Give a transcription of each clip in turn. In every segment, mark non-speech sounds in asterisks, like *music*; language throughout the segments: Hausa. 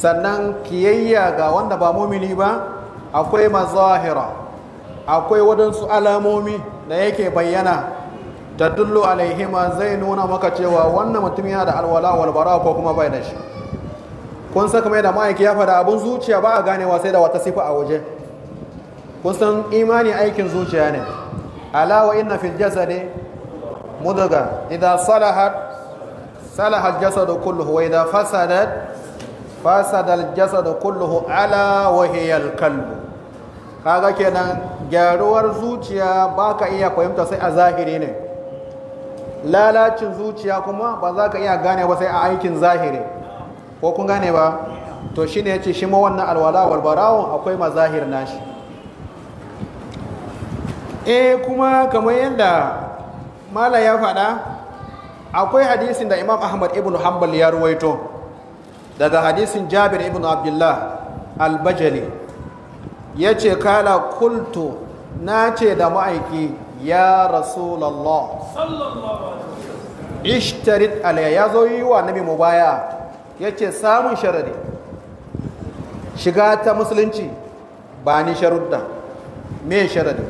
sannan kiyayya ga wanda ba mumini ba akwai mazahira akwai waɗansu alamomi da yake bayyana ta dullo alaihima zai nuna maka cewa wannan mutum yana da alwala walbara ko kuma bai da shi kun san da ma'aiki ya faɗa abin zuciya ba a ganewa sai da wata sifa a waje kun san imani aikin zuciya ne alawa inna fil jasadi mudaga idan salahat salahat jasadu kulluhu wa idan fasadat fasada aljasad kulluhu ala wa hiya kaga kenan gyaruwar zuciya baka iya fahimta sai a zahiri ne lalacin zuciya kuma ba za ka iya gane ba sai a aikin zahiri ko kun gane ba to shine yace shi ma wannan alwala wal akwai mazahir nashi eh kuma kamar yadda mala ya faɗa akwai hadisin da imam ahmad ibn hanbal ya ruwaito daga hadisin jabir ibn abdullah albajali ya ce kala kultu na ce da ma'aiki ya rasulallah ishtarit alaya ya zo yi wa nabi mu baya ya ce samun sharari shiga ta musulunci ba ni sharudda me sharari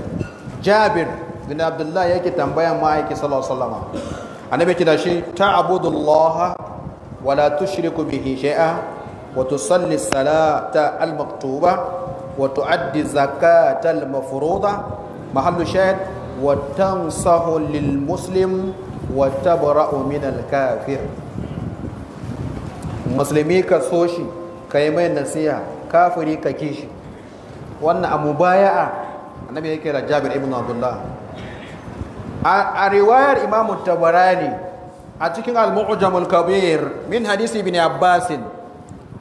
jabir bin abdullah yake tambayan ma'aiki sallallahu alaihi wasallama annabi ke da shi ta abudullah wala tushriku bihi shay'a wa tusalli salata al-maktuba wa tuaddi zakata al-mafruḍa mahallu shahid wa tansahu lil muslim wa tabra'u min al-kafir musulmi ka so shi ka yi mai nasiha kafiri ka kishi wannan a mubaya'a annabi yake da Jabir ibn Abdullah a riwayar Imam Tabarani a cikin al-mu'jam kabir min hadisi ibn abbas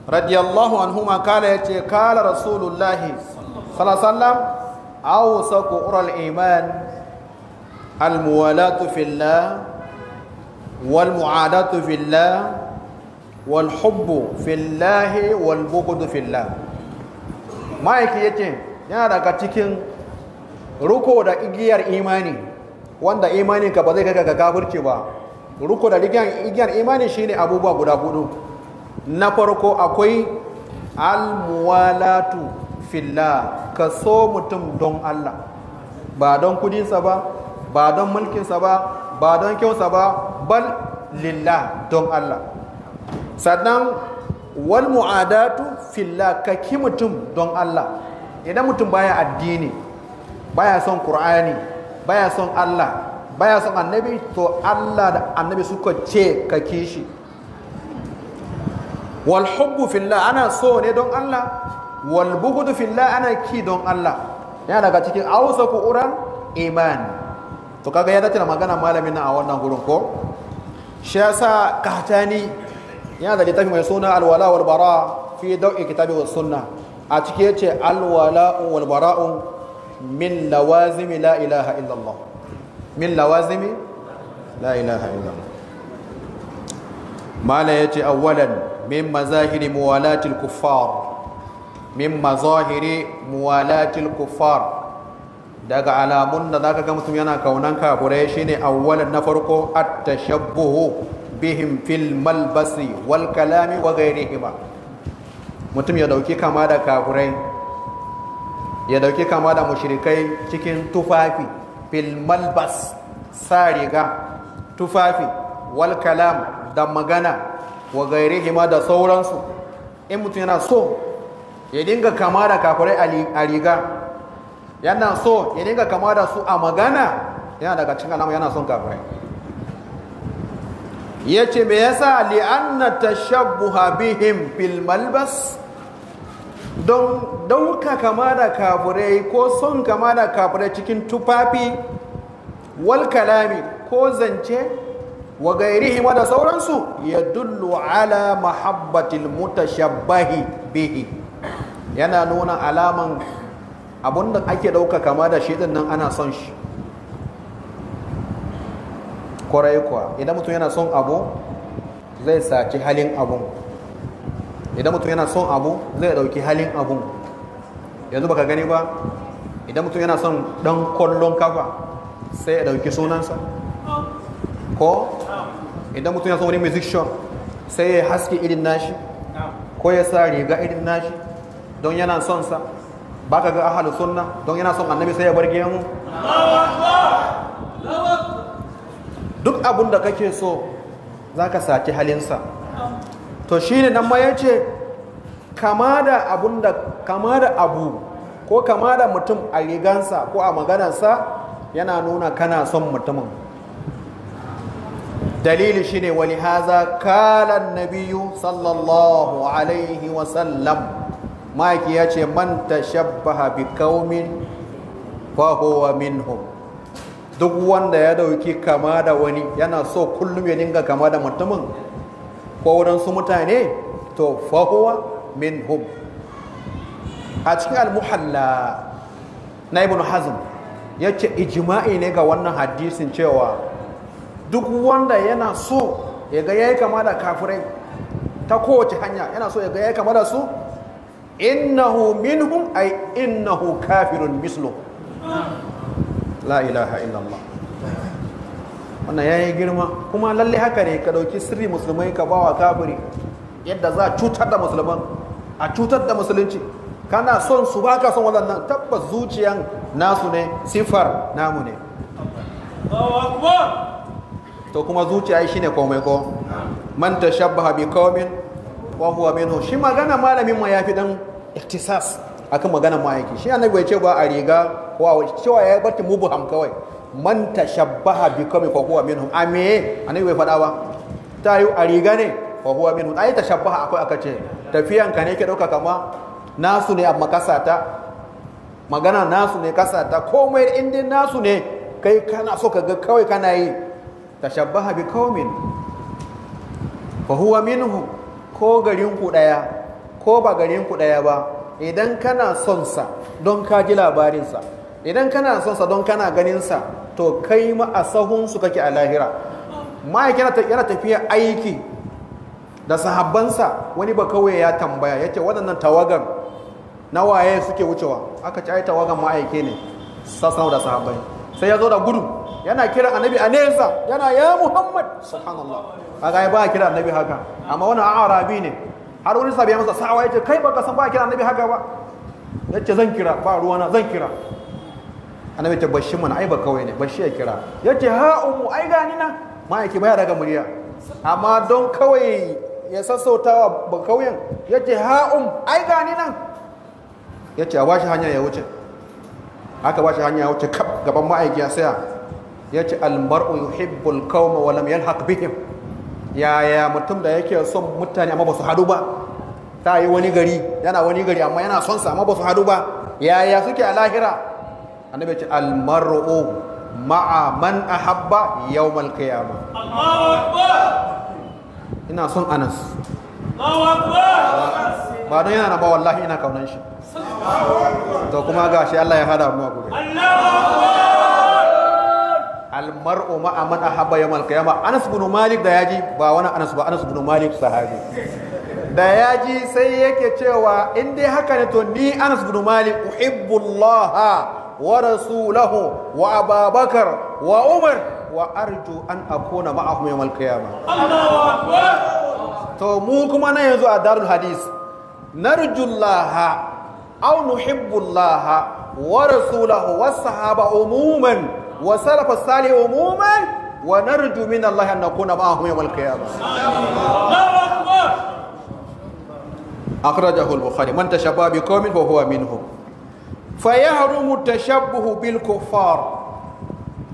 radiyallahu anhuma kala yace kala rasulullahi sallallahu sallam awsaqu ural iman al-muwalatu fillah wal mu'adatu fillah wal hubbu fillahi wal bughdu fillah ma'aiki yace yana daga cikin ruko da igiyar imani wanda imaninka ba zai kai ga kafirci ba ruku da igiyar imani shine abubuwa guda hudu na farko akwai almuwalatu filla ka so mutum don Allah ba don kudinsa ba ba don mulkinsa ba ba don kyausa ba bal lilla don Allah sannan wal mu'adatu filla ka ki mutum don Allah idan mutum baya addini baya son ƙur'ani baya son Allah baya son annabi to Allah da annabi suka ce ka kishi wal hubbu fillah ana so ne don Allah wal bughdu fillah ana ki don Allah yana daga cikin ausa ku uran iman to kaga ya dace magana malamin na a wannan gurin ko shi yasa ni? yana da littafi mai suna alwala wal bara fi dau'i kitabi was sunna a ciki yace alwala wal bara min lawazim la ilaha illallah min lawazimi la ilaha illallah mala yace awwalan min mazahiri muwalatil kuffar min mazahiri muwalatil kuffar daga alamun da zaka ga mutum yana kaunan kafurai shine awwalan na farko at-tashabbuhu bihim fil malbasi wal kalami wa ghairihima mutum ya dauki kama da kafurai ya dauki kama da mushrikai cikin tufafi fil malbas sa riga tufafi wal kalam da magana wa gairihima da sauransu in mutum yana so ya dinga kama da kafirai a riga yana so ya dinga kama da su a magana yana daga cikin alama yana son kafirai ya ce me yasa li'anna tashabbuha bihim fil malbas don dauka kama da kafurai ko son kama da kafurai cikin tufafi wal kalami ko zance wa gairihi da sauransu ya dullu ala mahabbatil mutashabbahi bihi yana nuna alaman abinda ake dauka kama da shi nan ana son shi kwarai kuwa idan mutum yana son abu zai saci halin abun idan mutum yana son abu zai dauki halin abun yanzu baka gani ba idan mutum yana son dan kwallon kafa sai ya dauki sunansa ko idan mutum yana son wani music show sai ya haske irin nashi ko ya sa riga irin nashi don yana son sa baka ga ahalu sunna don yana son annabi sai ya bar gemu duk abun da kake so za ka saki halinsa to shine nan ma yace kama da abun kama da abu ko kama da mutum a rigansa ko a maganarsa yana nuna kana son mutumin dalili shine wani haza kalan nabiyu sallallahu alaihi wasallam maki ya ce man tashabbaha bi kaumin fahowa minhum duk wanda ya dauki kama da wani yana so kullum ya dinga kama da mutumin ko waɗansu mutane to fahuwa min hum a cikin almuhalla na ibn hazm ya ce ijima'i ne ga wannan hadisin cewa duk wanda yana so ya ga yayi kama da kafirai ta kowace hanya yana so ya ga yayi kama da su innahu minhum ay innahu kafirun mislu la ilaha illallah wannan ya yi girma kuma lalle haka ne ka ɗauki sirri musulmai ka bawa kafiri yadda za a cutar da musulman a cutar da musulunci kana son su ba ka son waɗannan tabbas zuciyan nasu ne sifar namu ne to kuma zuciya shi ne komai ko man ta shabba bi qaumin wa huwa shi magana malamin ma yafi dan iktisas akan magana ma yake shi annabi bai ce ba a riga wa cewa ya barki mubuham kawai man tashabbaha bi kami fa huwa minhum a me yi bai faɗa ba ta yi a riga ne fa huwa minhum ai tashabbaha akwai aka ce tafiyan ka ne ke ɗauka kama nasu ne amma ta. magana nasu ne ta komai in dai nasu ne kai kana so ka ga kawai kana yi tashabbaha bi qaumin fa huwa minhum ko garin ku daya ko ba garin ku daya ba idan kana son sa don ka ji labarin sa idan kana son sa don kana ganin sa to kai ma a sahun su kake a lahira ma'aikata yana tafiya aiki da sahabbansa wani ba kawai ya tambaya ya ce waɗannan tawagan na waye suke wucewa aka ci ai tawagan ma'aike ne sassan da sahabbai sai ya zo da gudu yana kira annabi a nesa yana ya muhammad subhanallah kaga ba kira annabi haka amma wani arabi ne har wani sabiya ya masa sawa yace kai ba ka san ba kira annabi haka ba yace zan kira ba ruwana zan kira annabi ta bashi mana ai ba kawai ne bashi ya kira ya ce ha umu ai gani na ma'aiki baya daga murya amma don kawai ya sassautawa ba kauyen ya ce ha um ai gani nan ya ce a bashi hanya ya wuce aka bashi hanya ya wuce kaf gaban ma'aiki ya ya ce almar'u yuhibbul qauma wa lam yalhaq bihim yaya mutum da yake son mutane amma ba su hadu ba ta yi wani gari yana wani gari amma yana son sa amma ba su hadu ba yaya suke a lahira annabi ce almar'u ma'a man ahabba yawmal qiyamah Allahu akbar ina son Anas Allahu akbar ba don yana ba wallahi ina kaunan shi to kuma gashi Allah ya hada mu a gobe Allahu akbar almar'u ma'a man ahabba yawmal qiyamah Anas bin Malik da yaji ba wani Anas ba Anas bin Malik sahabi da ya ji sai yake cewa in dai haka ne to ni Anas bin Malik uhibbu ورسوله وأبا بكر وعمر وأرجو أن أكون معهم يوم القيامة الله أكبر تو مو كما نيزو دار الحديث نرجو الله أو نحب الله ورسوله والصحابة عموما وسلف الصالح عموما ونرجو من الله أن نكون معهم يوم القيامة الله أكبر أخرجه البخاري من تشبه بقوم فهو منهم fa yahrumu tashabbuhu bil kuffar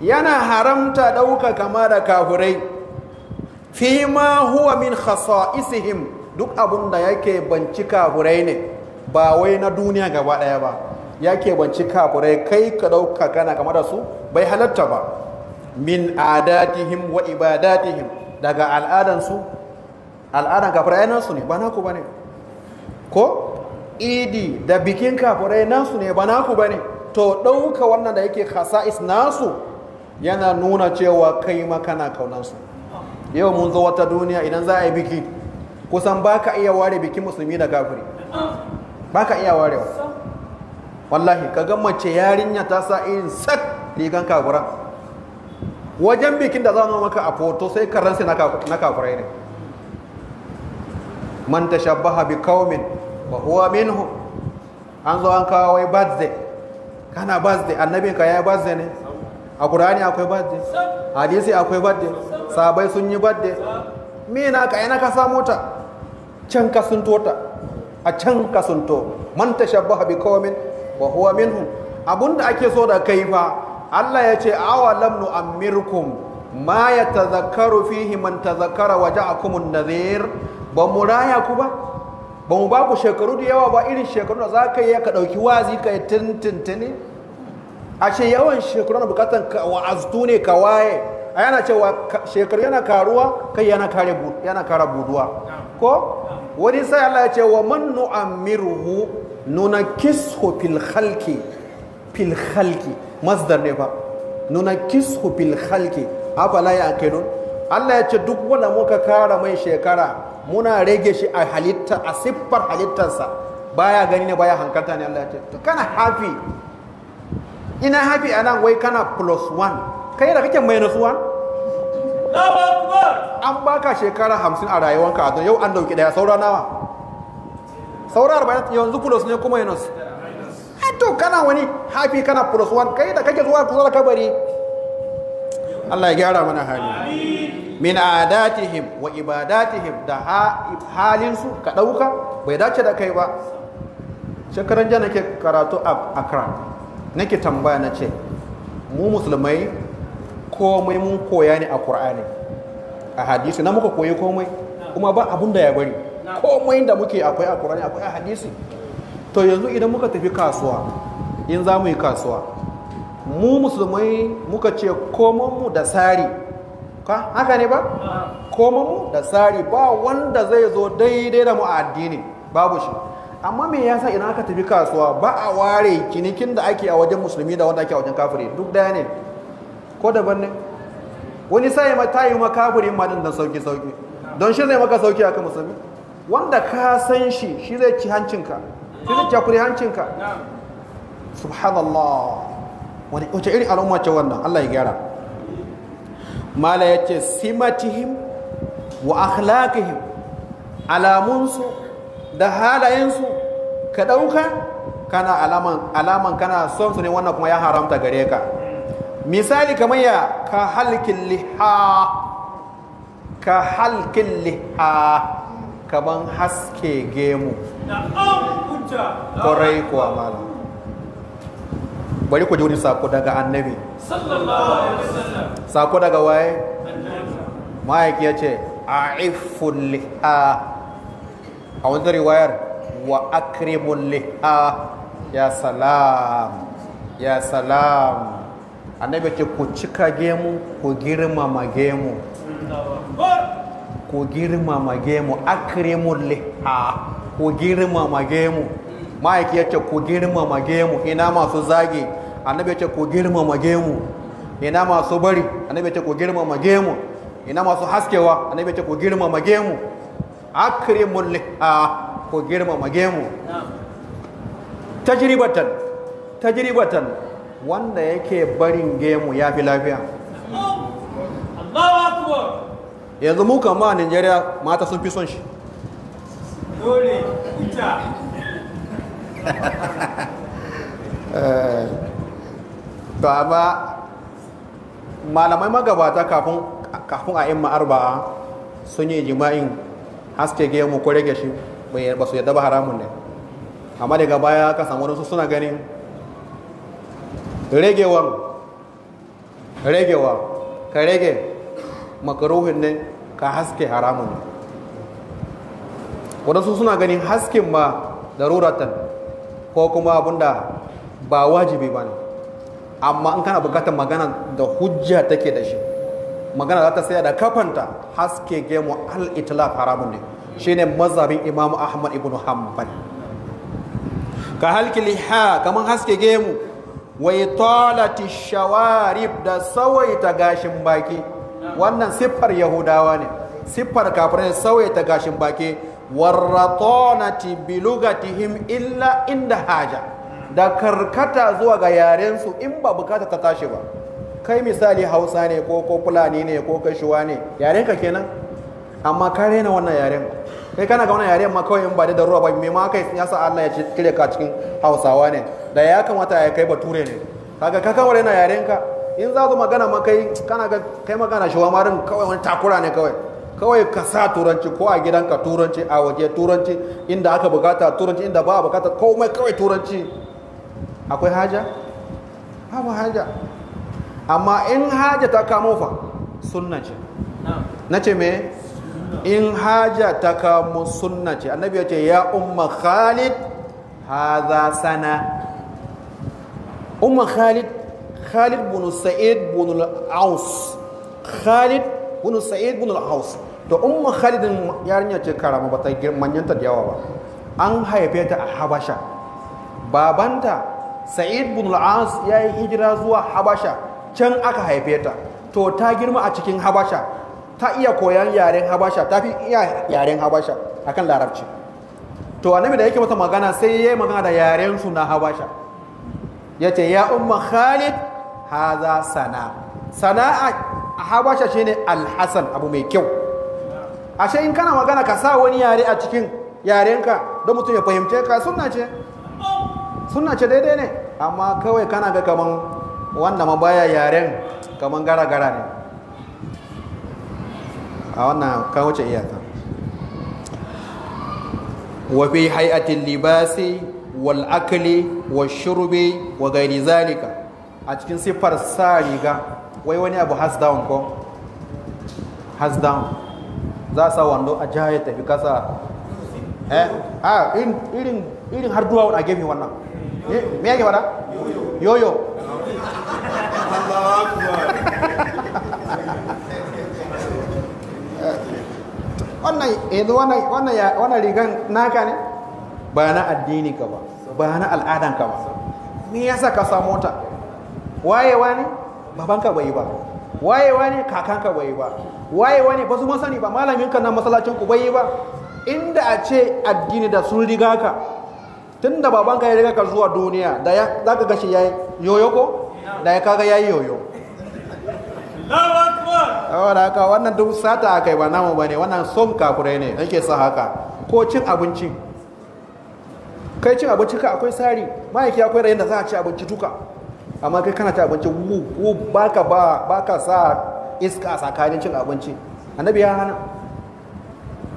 yana haramta ɗauka kama da kafurai fi ma huwa min isihim duk abun da yake banci kafurai ne ba wai na duniya gaba ɗaya ba yake banci kafurai kai ka ɗauka kana kama da su bai halatta ba min adatihim wa ibadatihim daga al'adansu al'adan kafurai su ne ba ku ba ne ko idi e da bikin kafurai nasu ne ba naku ba ne to ɗauka wannan da yake khasa'is nasu yana nuna cewa kai ma kana kaunansu yau mun zo wata duniya idan za a yi biki kusan ba ka iya ware bikin musulmi da kafiri ba ka iya warewa wallahi ka ga mace yarinya ta sa irin sak rigan kafura wajen bikin da za maka a foto sai karansi na kafurai ne man tashabbaha bi qaumin wa huwa minhu an zo an kawo wai birthday kana birthday annabinka ya yi birthday ne a Qur'ani akwai birthday hadisi akwai birthday sabai sun yi birthday me na ka ina ka samu ta can ka sun tota a can ka to man tashabbaha bi qaumin wa huwa minhu abunda ake so da kai fa Allah ya ce awa lam amirkum ma yatazakkaru fihi man tazakara wa ja'akumun nadhir ba mu raya ku ba ba mu ba ku shekaru da yawa ba irin shekaru da za ka yi ka ɗauki wazi ka yi A ce yawan shekaru na bukatan wa'aztu ne ka waye a yana cewa shekaru yana karuwa kai yana kara buduwa ko wani sai Allah ya ce wa man nu'ammiruhu nunakishu fil khalqi fil khalqi masdar ne fa nunakishu fil khalqi afala ya kaidun Allah ya ce duk wanda muka kara mai shekara muna rage shi a halitta a siffar halittarsa baya gani ne baya hankalta ne Allah ya ce to kana happy ina happy nan wai kana plus one kai da kake minus one an baka shekara hamsin a rayuwanka a yau an dauki daya saura nawa saura arba'in yanzu plus ne kuma minus to kana wani happy kana plus one kai da kake zuwa kusa da kabari Allah ya gyara mana hali min adatihim wa ibadatihim da halinsu ka ɗauka bai dace da kai ba shekaran jana ke karatu a na nake tambaya na ce mu musulmai komai mun koya ne a Kur'ani, a hadisi na muka koyi komai kuma ba abun da ya bari komai da muke akwai a Kur'ani akwai a hadisi to yanzu idan muka tafi kasuwa in za mu yi kasuwa mu musulmai muka ce komanmu da tsari ka haka ne ba koma mu da tsari ba wanda zai zo daidai da mu a babu shi amma me yasa idan aka tafi kasuwa ba a ware kinikin da ake a wajen musulmi da wanda ake a wajen kafiri duk daya ne ko daban ne wani sai ma ta yi ma kafiri ma din da sauki sauki don shi zai maka sauki aka musulmi wanda ka san shi shi zai ci hancinka shi zai cakuri hancinka subhanallah wani wace irin al'umma ce wannan Allah ya gyara mala ya ce simatihim wa akhlaqihim alamunsu da halayensu ka ɗauka kana alaman alaman kana son su ne wannan kuma ya haramta gare ka misali kamar ya ka halkin liha ka halkin liha kaman haske gemu ƙwarai kuwa malam bari ku ji wani sako daga annabi sako daga waye ma'aiki ya ce a ifun liha a wani riwayar wa akrimun liha ya salam ya salam annabi ce ku cika gemu ku girmama gemu ku girmama gemu akrimun liha ku girmama gemu ma'aiki ya ce ku girmama gemu ina masu zage annabi ya ce ku girmama gemu ina masu bari annabi ya ce ku girmama gemu ina masu haskewa annabi ya ce ku girmama gemu akrimul liha ku girmama gemu tajribatan tajribatan wanda yake barin gemu ya fi lafiya yanzu mu kama a Nigeria mata sun fi son shi dole ita Eh, to amma malamai magabata kafin a yin ma'arba'a sun yi jima'in haske gemu ko rage shi ba su yadda ba haramun ne amma daga baya ka samu wadansu suna ganin ragewar ragewa ka rage makaruhin ne ka haske haramun ne wadansu suna ganin haskin ma ruratan ko kuma abin da ba wajibi ba ne amma in kana bukatar magana da hujja take da shi magana za ta tsaya da kafanta haske gemu al haramun ne shine mazhabin imam ahmad ibn hanbal ka halki liha kamar haske gemu wai tolati shawarib da sawaita gashin baki wannan siffar yahudawa ne siffar kafirai sawaita gashin baki warratonati bilugatihim illa inda haja da karkata zuwa ga yarensu in ba bukata ta tashi ba kai misali hausa ne ko ko fulani ne ko kashuwa ne yaren ka kenan amma ka rena wannan yaren kai kana ga wannan yaren ma kawai in ba da ruwa ba me ma kai ya sa Allah ya kire ka cikin hausawa ne da ya kamata ya kai bature ne kaga ka kawai rena yaren ka in za zo magana ma kai kana ga kai magana shuwa marin kawai wani takura ne kawai kawai ka sa turanci ko a gidanka turanci a waje turanci inda aka bukata turanci inda ba a bukata komai kawai turanci akwai haja babu haja amma in haja ta kamo fa sunna ce na ce me in haja ta kamo sunna ce annabi ya ce ya umma khalid haza sana umma khalid khalid bin sa'id bin al-aus khalid bunu sa'id bunu haus to Umma khalidin yarinya ce karama bata manyanta da yawa ba an haife ta a habasha babanta sa'id bin al ya yi hijira zuwa habasha can aka haife ta to ta girma a cikin habasha ta iya koyan yaren habasha ta fi iya yaren habasha akan larabci to annabi da yake mata magana sai ya yi magana da yaren su na habasha ya ce ya umma khalid haza sana sana'a a habasha shine Alhassan, abu mai kyau ashe in kana magana ka sa wani yare a cikin yarenka don mutum ya fahimce ka suna ce suna ce daidai ne amma kawai kana ga kaman wanda ma baya yaren kaman gara gara ne a wannan ka wuce iyaka wa hayatin libasi wal wa wash wa gairi zalika a cikin siffar sa riga wai wani abu has down ko has down za a sa wando a jiha ya tafi kasa eh ah irin irin har duwa a gefe wannan eh, me yake wada yoyo wannan yanzu wannan rigan naka ne ba na addini ka ba ba na al'adanka ba me yasa ka samu ta waye wani babanka bai yi ba wayewa ne kakanka bai yi ba wayewa ne ba su ma sani ba malamin na masallacin ku bai yi ba inda a ce addini da sun riga ka tun da babanka ya riga ka zuwa duniya da ya za ka gashi ya yi yoyo ko da ya kaga ya yi yoyo Yawon haka wannan duk sata aka yi ba namu ba ne wannan son kafurai ne nake sa haka ko cin abinci kai cin abinci ka akwai tsari ma'aiki akwai rayin da za a ci abinci duka amma kai kana ta abinci ko baka ba baka sa iska a tsakanin cin abinci annabi ya hana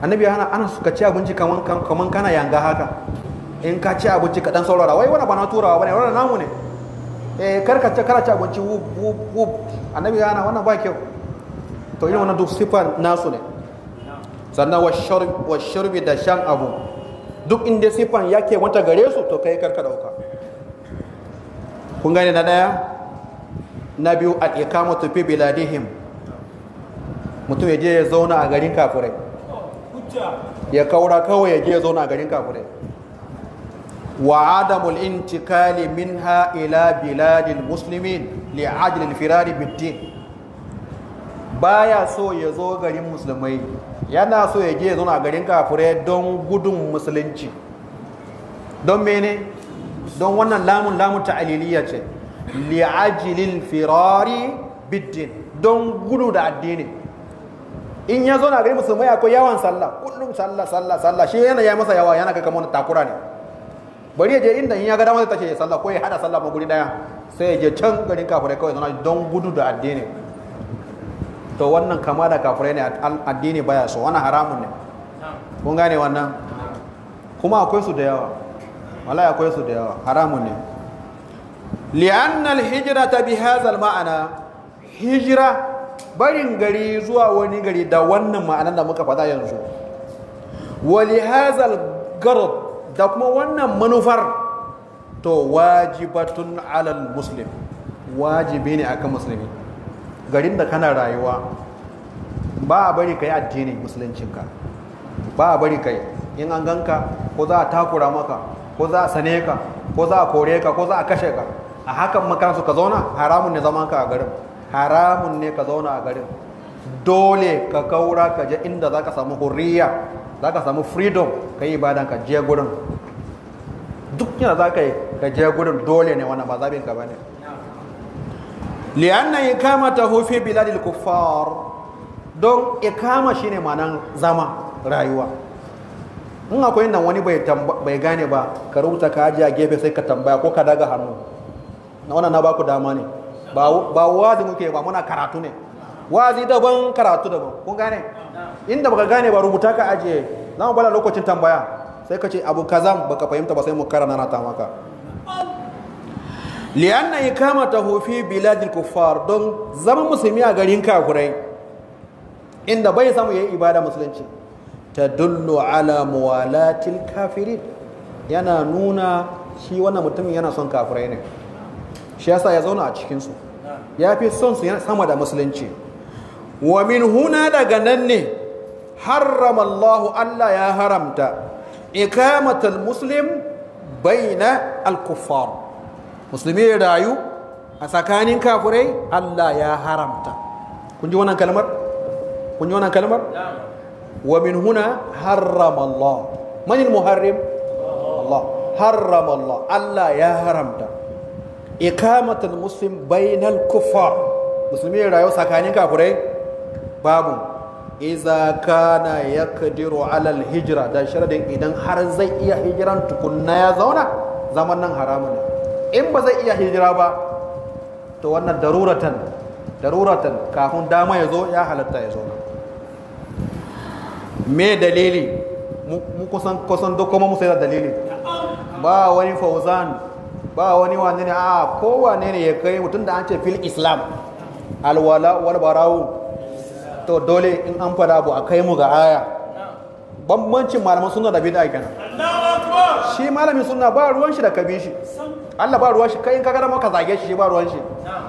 annabi ya hana ana suka ci abinci kaman kaman kana yanga haka in ka ci abinci ka dan saurara wai wani bana turawa bane wannan namu ne eh karka ka kana ci abinci wub wub annabi ya hana wannan ba kyau to ina wannan duk sifar nasu ne sannan wa shurbi da shan abu duk inda sifan yake wata gare su to kai karka dauka kun gane na daya na biyu al ikamatu fi biladihim mutum ya je ya zauna a garin kafirai ya kaura kawai ya je ya zauna a garin kafirai wa adamul intikali minha ila biladin Musulmin li ajlil firari Ba baya so ya zo garin musulmai yana so ya je ya zauna a garin kafirai don gudun musulunci don mene don wannan lamun lamun aliliya ce li'ajilil firari biddin don gudu da addini in ya zo na gari musulmai akwai yawan sallah kullum sallah sallah sallah shi yana ya masa yawa yana kaka takura ne bari ya je inda in ya ga damar ta ce sallah ko ya hada sallah ma guri daya sai ya je can garin kafirai kawai zana don gudu da addini to wannan kama da kafirai ne addini baya so wannan haramun ne kun gane wannan kuma akwai su da yawa wala akwai su da yawa haramun ne hijira ta bi hadzal ma'ana hijira barin gari zuwa wani gari da wannan ma'anar da muka faɗa yanzu wa li hadzal da kuma wannan manufar to wajibatun alal muslim wajibi ne akan musulmi garin da kana rayuwa ba a bari kai addinin musuluncinka ba a bari kai in an ganka ko za a takura maka ko za a sane ka ko za a kore ka ko za a kashe ka a hakan su ka zauna haramun ne zaman ka a garin haramun ne ka zauna a garin dole ka kaura ka je inda za ka samu hurriya za ka samu freedom ka yi ibadan ka je gurin duk yana za ka yi ka je gurin dole ne wannan ba zaɓin ka ba ne kama ta hufi biladil kufar don ikama shine manan zama rayuwa in akwai nan wani bai gane ba ka rubuta ka ajiye a gefe sai ka tambaya ko ka daga hannu na wannan na baku dama ne ba wazi muke ba muna karatu ne wazi daban karatu daban kun gane inda baka gane ba rubuta ka ajiye za mu bala lokacin tambaya sai ka ce abu kazan baka fahimta ba sai mu karana na ta maka li'anna ta hufi biladil kuffar don zaman musulmi a garin kafurai inda bai samu yayi ibada musulunci tadullu ala muwalatil kafirin yana nuna shi wannan mutumin yana son kafirai ne shi yasa ya zauna a cikinsu ya fi son su yana sama da musulunci wa min huna daga nan ne harrama Allah Allah ya haramta ikamatul muslim baina al-kuffar musulmi ya rayu a tsakanin kafirai Allah ya haramta kun ji wannan kalmar kun ji wannan kalmar wa min huna harrama Allah man muharrim Allah harrama Allah ya haramta ikamatul muslim bainal kuffar musulmi rayuwa tsakanin kafirai babu iza ya yaqdiru alal hijira da sharadin idan har zai iya hijiran tukunna ya zauna zaman nan haramun in ba zai iya hijira ba to wannan daruratan daruratan kafin dama ya zo ya halatta ya zauna me dalili mu kusan kusan duk kuma mu da dalili ba wani fauzan ba wani wani ne a kowa ne ya kai mutum da an ce fil islam alwala wal to dole in an fada bu a kai mu ga aya bambancin malaman suna da bid'a kenan shi malamin suna ba ruwan shi da kabi shi Allah ba ruwan shi kai in ka ga maka zage shi ba ruwan shi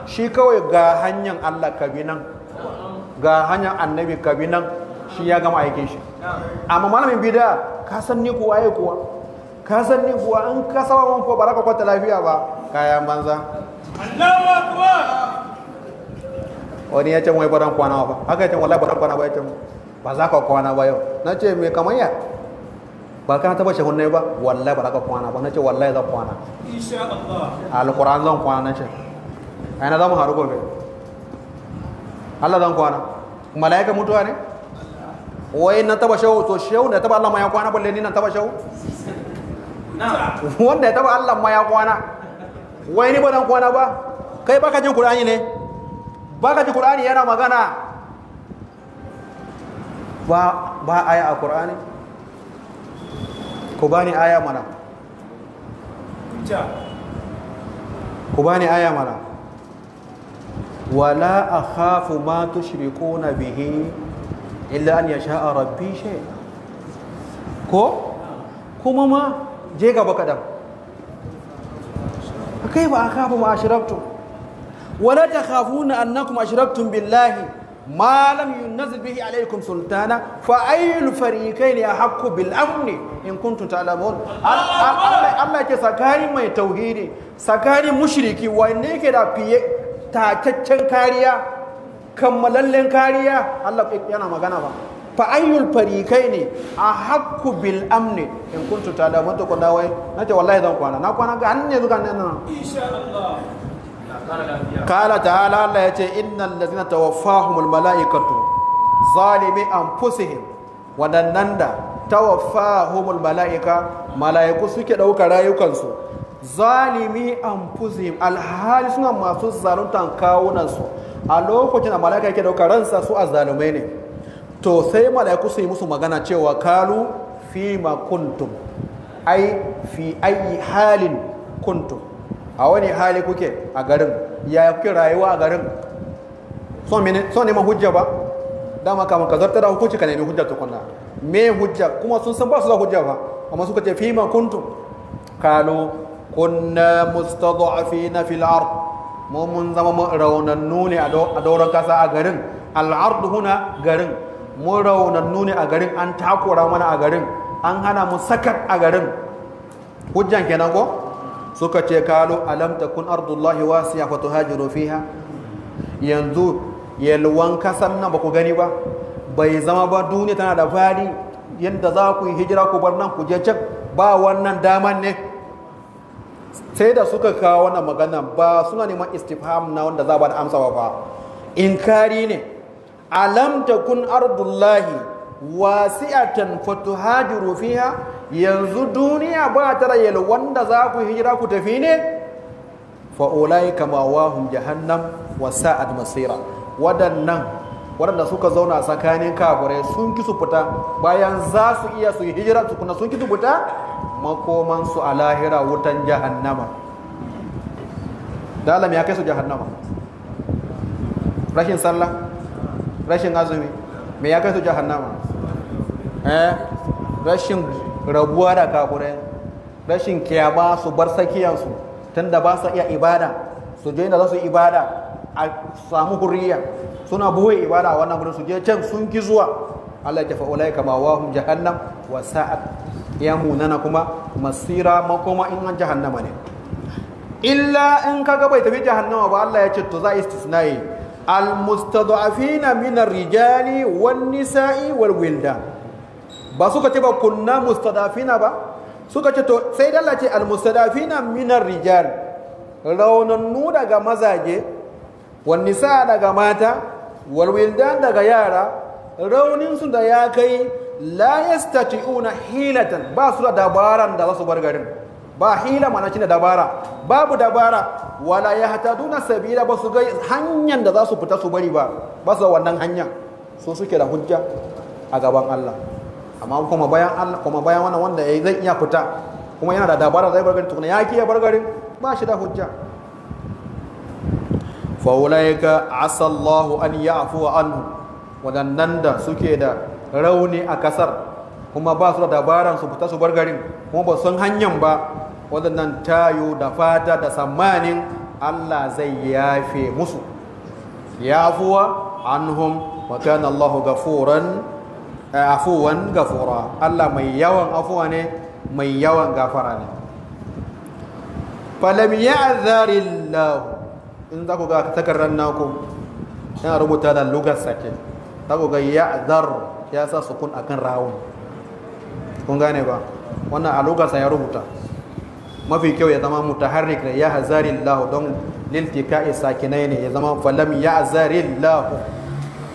shi kawai ga hanyar Allah kabi nan ga hanyar annabi kabi nan shi ya gama aikin shi amma malamin bida ka san ni kuwa ya kuwa ka san ni kuwa an ka saba mun ko baraka ta lafiya ba kayan banza Allahu akbar wani ya ce mai baran kwana ba haka ya ce wallahi baran kwana ba ya ce ba za ka kwana ba yau na ce me kamar ya ba ka taba shi ne ba wallahi ba za ka kwana ba na ce wallahi zan kwana insha Allah alquran zan kwana na ce ai na zamu haru gobe Allah zan kwana malaika mutuwa ne wai na taba shehu to shehu da ya taba Allah ma ya kwana balle ni na taba shehu wanda ya taba Allah ma ya kwana wai ni ba dan kwana ba kai baka jin Qur'ani ne baka jin Qur'ani yana magana ba ba aya a Qur'ani ku bani aya mana ku bani aya mana wala akhafu ma tushrikuna bihi illa an ya sha'a rabbi shi ko kuma ma je gaba kaɗan kai ba a ba ma ashirabtum wala ta khafuna annakum ashirabtum billahi ma lam yunzil bihi alaykum sultana fa ayyul fariqayn ahqqu bil amni in kuntum ta'lamun Allah yake sakari mai tauhidi sakari mushriki wanne yake da fiye takaccen kariya kammalallen kariya Allah yana magana ba fa ayyul farikai ne a hakku bil amni in kuntu ta da mutu kun dawai nace wallahi zan kwana na kwana ga an ne zuka nan nan insha Allah kala ta'ala Allah yace innal ladzina tawaffahumul malaikatu zalimi anfusihim wadannan da tawaffahumul malaika malaiku suke ɗauka rayukansu zalimi anfusihim alhali suna masu kawunan kawunansu a lokacin da mala'ika yake dauka ransa su azzalumai ne to sai mala'iku su yi musu magana cewa kalu fi ma kuntum ai fi ayi halin kuntum a wani hali kuke a garin yaya kuke rayuwa a garin son neman hujja ba dama kama ka zartar da hukunci ka nemi hujja tukunna me hujja kuma sun san ba su da hujja ba amma suka ce fi ma kuntum kalu kunna fi fil ard mu mun zama raunannu ne a doron kasa a garin al'ardu huna garin mu raunannu ne a garin an takura mana a garin an hana mu sakat a garin hujjan kenan ko suka ce kalu alam takun ardullahi wasiya fa tuhajiru fiha yanzu yalwan kasan nan ba ku gani ba bai zama ba duniya tana da fari yadda za ku yi hijira ku bar nan ku je can ba wannan daman ne sai da suka kawo wannan magana ba suna neman istifham na wanda za ba da amsawa ba inkari ne alam takun ardullahi wasi'atan fatuhajiru fiha yanzu duniya ba ta rayel wanda za ku hijira ku tafi ne fa kama mawahum jahannam wa sa'ad masira wadannan waɗanda suka zauna tsakanin kagure sun ki su fita bayan za su iya su yi hijira su kuna sun ki su fita makoman su a lahira wutan jahannama dalam ya kai su jahannama rashin sallah rashin azumi me ya kai su jahannama eh rashin rabuwa da kagure, rashin kiyama su bar sakiyansu tunda ba su iya ibada su je inda za su ibada a samu hurriya suna buhoi ibada a wannan gurin su je can sun ki zuwa Allah ya ya kama wa hun jahannam wa sa'at ya munana kuma masira makoma in an jahannama ne illa in kaga bai tafi jahannama ba Allah ya ce to za istisnai al mustad'afina min ar-rijali wan nisa'i wal wildan ba suka ce ba kunna mustad'afina ba suka ce to sai Allah ce al mustad'afina min ar-rijal raunannu daga mazaje wan nisa daga mata walwildan daga yara rauninsu da ya kai la yastati'una hilatan ba su da dabaran da za su bar garin ba hila mana cina dabara babu dabara wala ya hata, yahtaduna sabila ba su ga hanyar da za su fita su bari ba ba su wannan hanya so suke da hujja a gaban Allah amma kuma bayan Allah kuma bayan wannan wanda zai iya fita kuma yana da dabara zai bar garin tukuna ya ki ya bar garin ba shi da hujja faulaika asallahu an ya'fuwa anhu waɗannan da suke da rauni a ƙasar kuma ba su da dabaran su fita su bar garin kuma ba sun hanyar ba waɗannan tayo da fata da tsammanin Allah zai yafe musu yafuwa anhum wa kana Allah gafuran eh, afuwan gafura Allah mai yawan afuwa ne mai yawan gafara ne falam ya'dharillahu in za ku ga takarar naku yana rubuta da lugar sake za ku ga ya zar ya sa sukun akan rawun kun gane ba wannan a lugarsa ya rubuta mafi kyau ya zama mutaharrik ne ya hazari lahu don liltika'i sakinai ne ya zama falam ya hazari lahu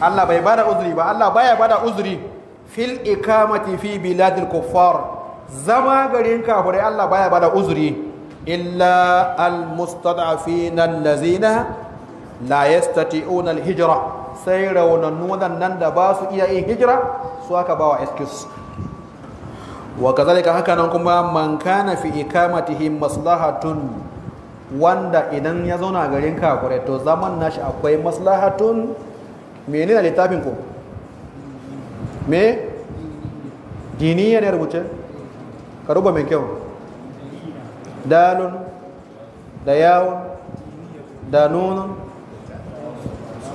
Allah bai bada uzuri ba Allah baya bada uzuri fil ikamati fi biladil kuffar zama garin kafirai Allah baya bada uzuri illa almustad'afin allazina la yastati'una alhijra sai raunannu nan da ba su iya yin hijira su aka bawa excuse wa kazalika haka nan kuma man kana fi ikamatihim maslahatun wanda idan ya zauna garin kakure to zaman nashi akwai maslahatun menene littafin ku me diniya ne rubuce ka ruba mai kyau dalun da yawon da nuna,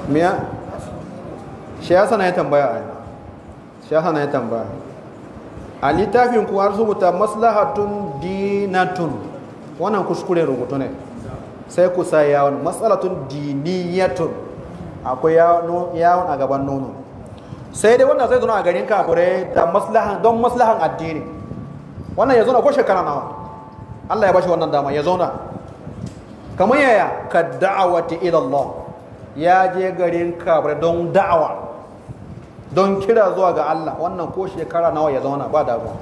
miya shi ya sana yi tambaya a yi, shi ya sana yi tambaya a littafin kuwa har rubuta maslahatun dinatun wannan kuskure rubutu ne sai ku sa yawon matsalatin diniyatun akwai yawon a gaban nono sai dai wannan zai zuna a garin kakure da don maslahan addini wannan ya zuna ko shekara nawa Allah ya bashi wannan dama ya zauna kamar yaya ka da'awati ila Allah ya je garin kabar don da'awa don kira zuwa ga Allah wannan ko shekara nawa ya zauna ba damuwa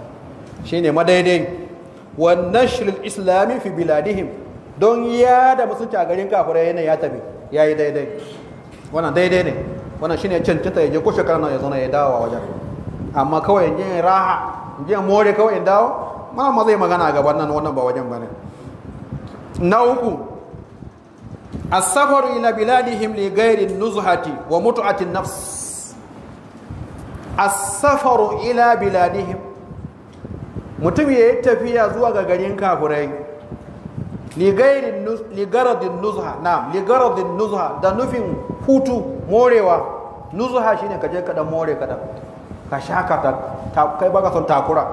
shine madaidai wannan shirin islami fi biladihim don ya da musulunci a garin kafirai yana ya tafi ya yi daidai wannan daidai ne wannan shine cancanta ya je ko shekara nawa ya zauna ya dawo a wajen amma kawai in je raha in je more kawai in dawo ma ma zai magana a gaban nan wannan ba wajen bane na uku a safaru ila biladihim li ghairi nuzhati wa mutuatin nafs a safaru ila biladihim mutum ya yi tafiya zuwa ga garin kafirai ligaradin nuzha na ligaradin nuzha da nufin hutu morewa nuzha shine kaje kaɗan more kaɗan ka sha ka kai baka son takura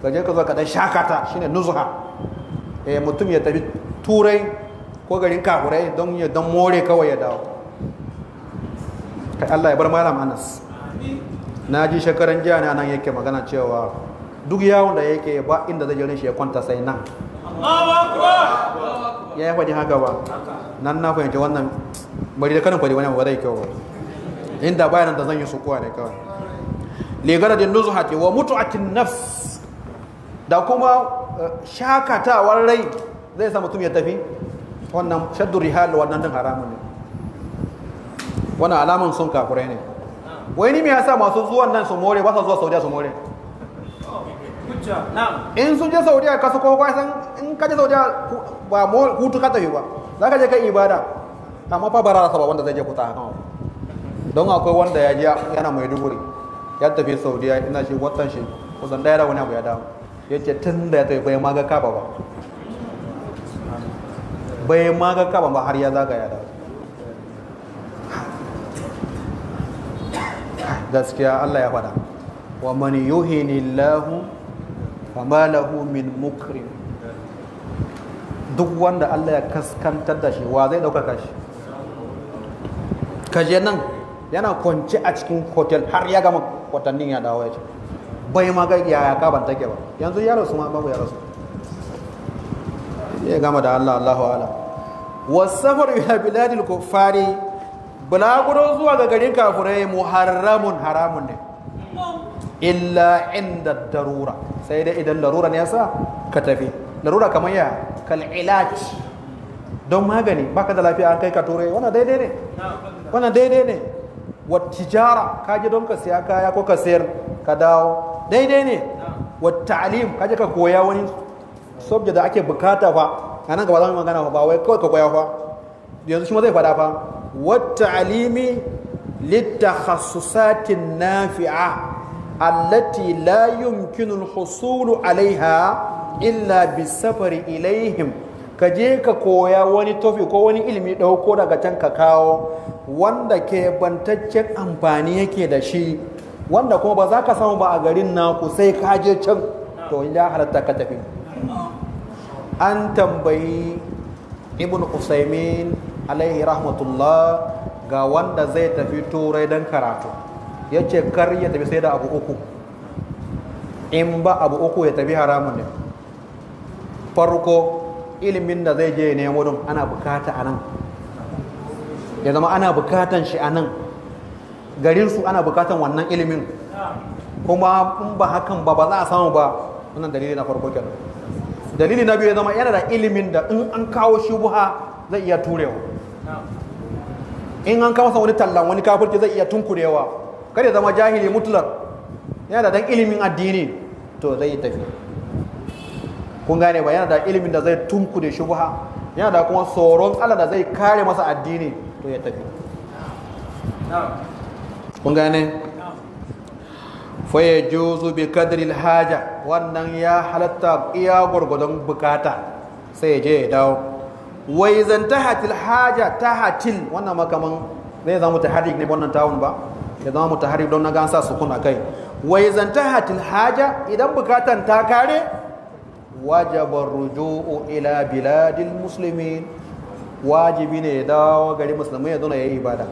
ka je ka zo ka dan shakata shine nuzha eh mutum ya tafi turai ko garin kafurai don ya dan more kawai ya dawo kai Allah ya bar malam Anas na ji shekaran jiya ne anan yake magana cewa duk yawon da yake ba inda zai jirin shi ya kwanta sai nan ya yi faɗi haka ba nan na fahimci wannan bari da kanin faɗi wani ba zai kyau ba inda bayanan da zan yi sukuwa ne kawai ligara da nuzuhati wa cin nafs da kuma eh, shakatawar rai zai sa mutum ya tafi wannan shaddun rihal wannan din haramun ne wannan alaman sun kafurai ne wai ni me yasa masu zuwan nan su more ba sa zuwa saudiya su more in sun je saudiya kasu ko ba san in ka je saudiya ba hutu ka tafi ba za ka je kai ibada amma fa bara rasa ba wanda zai je kuta haka don akwai wanda ya je yana maiduguri ya tafi saudiya ina shi watan shi kusan daya da wani abu ya damu yace tun da ya tafi bai ma ga kaba ba bai ma ga kaba ba har ya zagaya da gaskiya Allah ya faɗa wa man yuhini Allahu ma lahu min mukrim duk wanda Allah ya kaskantar da shi wa zai ɗaukaka shi kaje nan yana kwanci a cikin hotel har ya gama kwatannin ya dawo ya ce bai ma gaiki yaya ka ban take ba yanzu yaro su ma babu ya rasu ya gama da Allah Allahu ala wasafar ya biladil kuffari bulaguro zuwa ga garin kafurai muharramun haramun ne illa inda darura sai dai idan larura ne yasa ka tafi larura kamar ya kal ilaj don magani baka da lafiya an kai ka ture. wannan daidai ne wannan daidai ne wa tijara ka ji don ka siya kaya ko ka sayar ka dawo daidai ne wa ta'alim kaje ka koya wani subject da ake bukata fa a nan gaba za mu magana ba wai kawai ka koya fa yanzu shi ma zai fada fa wa ta'alimi للتخصصات النافعة التي لا يمكن الحصول عليها إلا بالسفر إليهم kaje ka koya wani tofi ko wani ilimi ɗauko daga can ka kawo wanda ke bantaccen amfani yake da shi wanda kuma ba za ka samu ba a garin naku sai ka je can to ya halatta ka tafi an tambayi ibn usaimin alaihi rahmatullah ga wanda zai tafi turai don karatu ya ce kar ya tafi sai da abu uku in ba abu uku ya tafi haramun ne farko ilimin da zai je nemo wurin ana bukata a nan ya zama ana bukatan shi a nan garinsu ana bukatan wannan ilimin kuma in ba hakan ba ba za a samu ba wannan dalili na farko kenan dalili na biyu ya zama yana da ilimin da in an kawo shubuha zai iya turewa in an kawo wani tallan wani kafirci zai iya tunkurewa kar ya zama jahili mutlar yana da dan ilimin addini to zai tafi kun gane ba yana da ilimin da zai tunkure shubuha yana da kuma tsoron Allah da zai kare masa addini to ya tafi kun gane faye juzu bi kadri alhaja wannan ya halatta iya gurgudun bukata sai je ya dawo wai zan tahatil haja tahatil wannan makaman zai zama mutaharrik ne wannan tawun ba ya zama mutaharrik don na gansa sukun kai. wai zan tahatil haja idan bukatan ta kare wajabar ruju'u ila biladil muslimin wajibi ne ya dawo gari musulmai ya zo na yayi ibada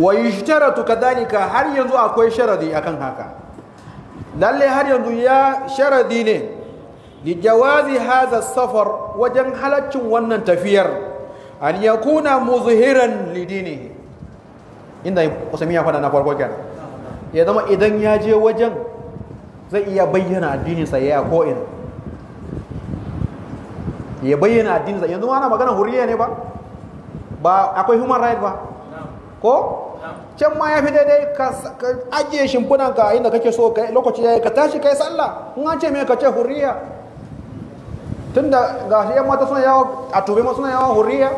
wa yushtaratu kadhalika har yanzu akwai sharadi akan haka lalle har yanzu ya sharadi ne li jawazi hadha safar wajen halaccin wannan tafiyar an yakuna muzhiran lidini inda usami ya fada na farko kenan ya zama idan ya je wajen zai iya bayyana addinin sa ya ko ina ya bayyana addinin sa yanzu ma ana magana huriya ne ba ba akwai human right ba ko can ma ya fi daidai ka ajiye shimfunan ka inda kake so kai lokaci yayi ka tashi kai sallah in an ce me ka ce hurriya tunda ga shi yan mata suna yawa a tube ma suna yawa hurriya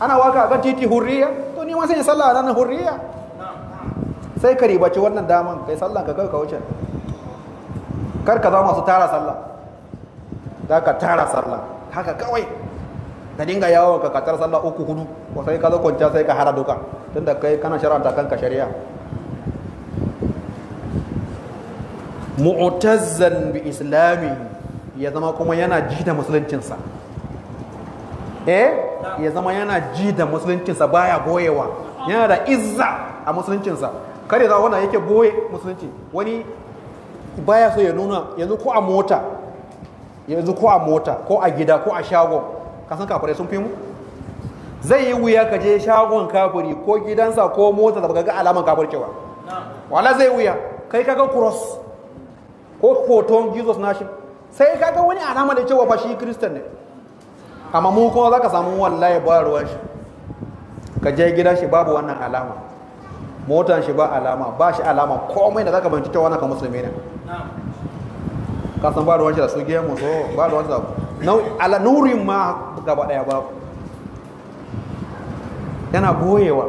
ana waka ga titi hurriya to ni ma sai sallah ranar hurriya sai ka ribaci wannan daman kai sallah ka ka wuce kar ka zama masu tara sallah za ka tara sallah haka kawai ka dinga yawon ka katar sallah uku hudu ko sai ka zo kwanciya sai ka hara duka tunda kai kana sharanta kanka shari'a mu'tazzan bi islami ya zama kuma yana ji da musuluncinsa eh ya zama yana ji da musuluncinsa baya goyewa yana da izza a musuluncinsa kare za wanda yake boye musulunci wani baya so ya nuna yanzu ko a mota yanzu ko a mota ko a gida ko a shago ka san kafirai sun fi mu zai yi wuya ka je shagon kafiri ko gidansa ko mota da baka ga alaman kafircewa wala zai wuya kai kaga cross ko hoton jesus nashi sai kaga wani alama da cewa fashi shi kristan ne amma mu kuma ka samu wallahi ba ruwan shi ka je gidan shi babu wannan alama motan shi ba alama ba shi alama komai da za zaka bincike wannan ka musulmi ne ka san ba ruwan shi da su gemu so ba ruwan shi da ala nurin ma gaba daya ba yana boyewa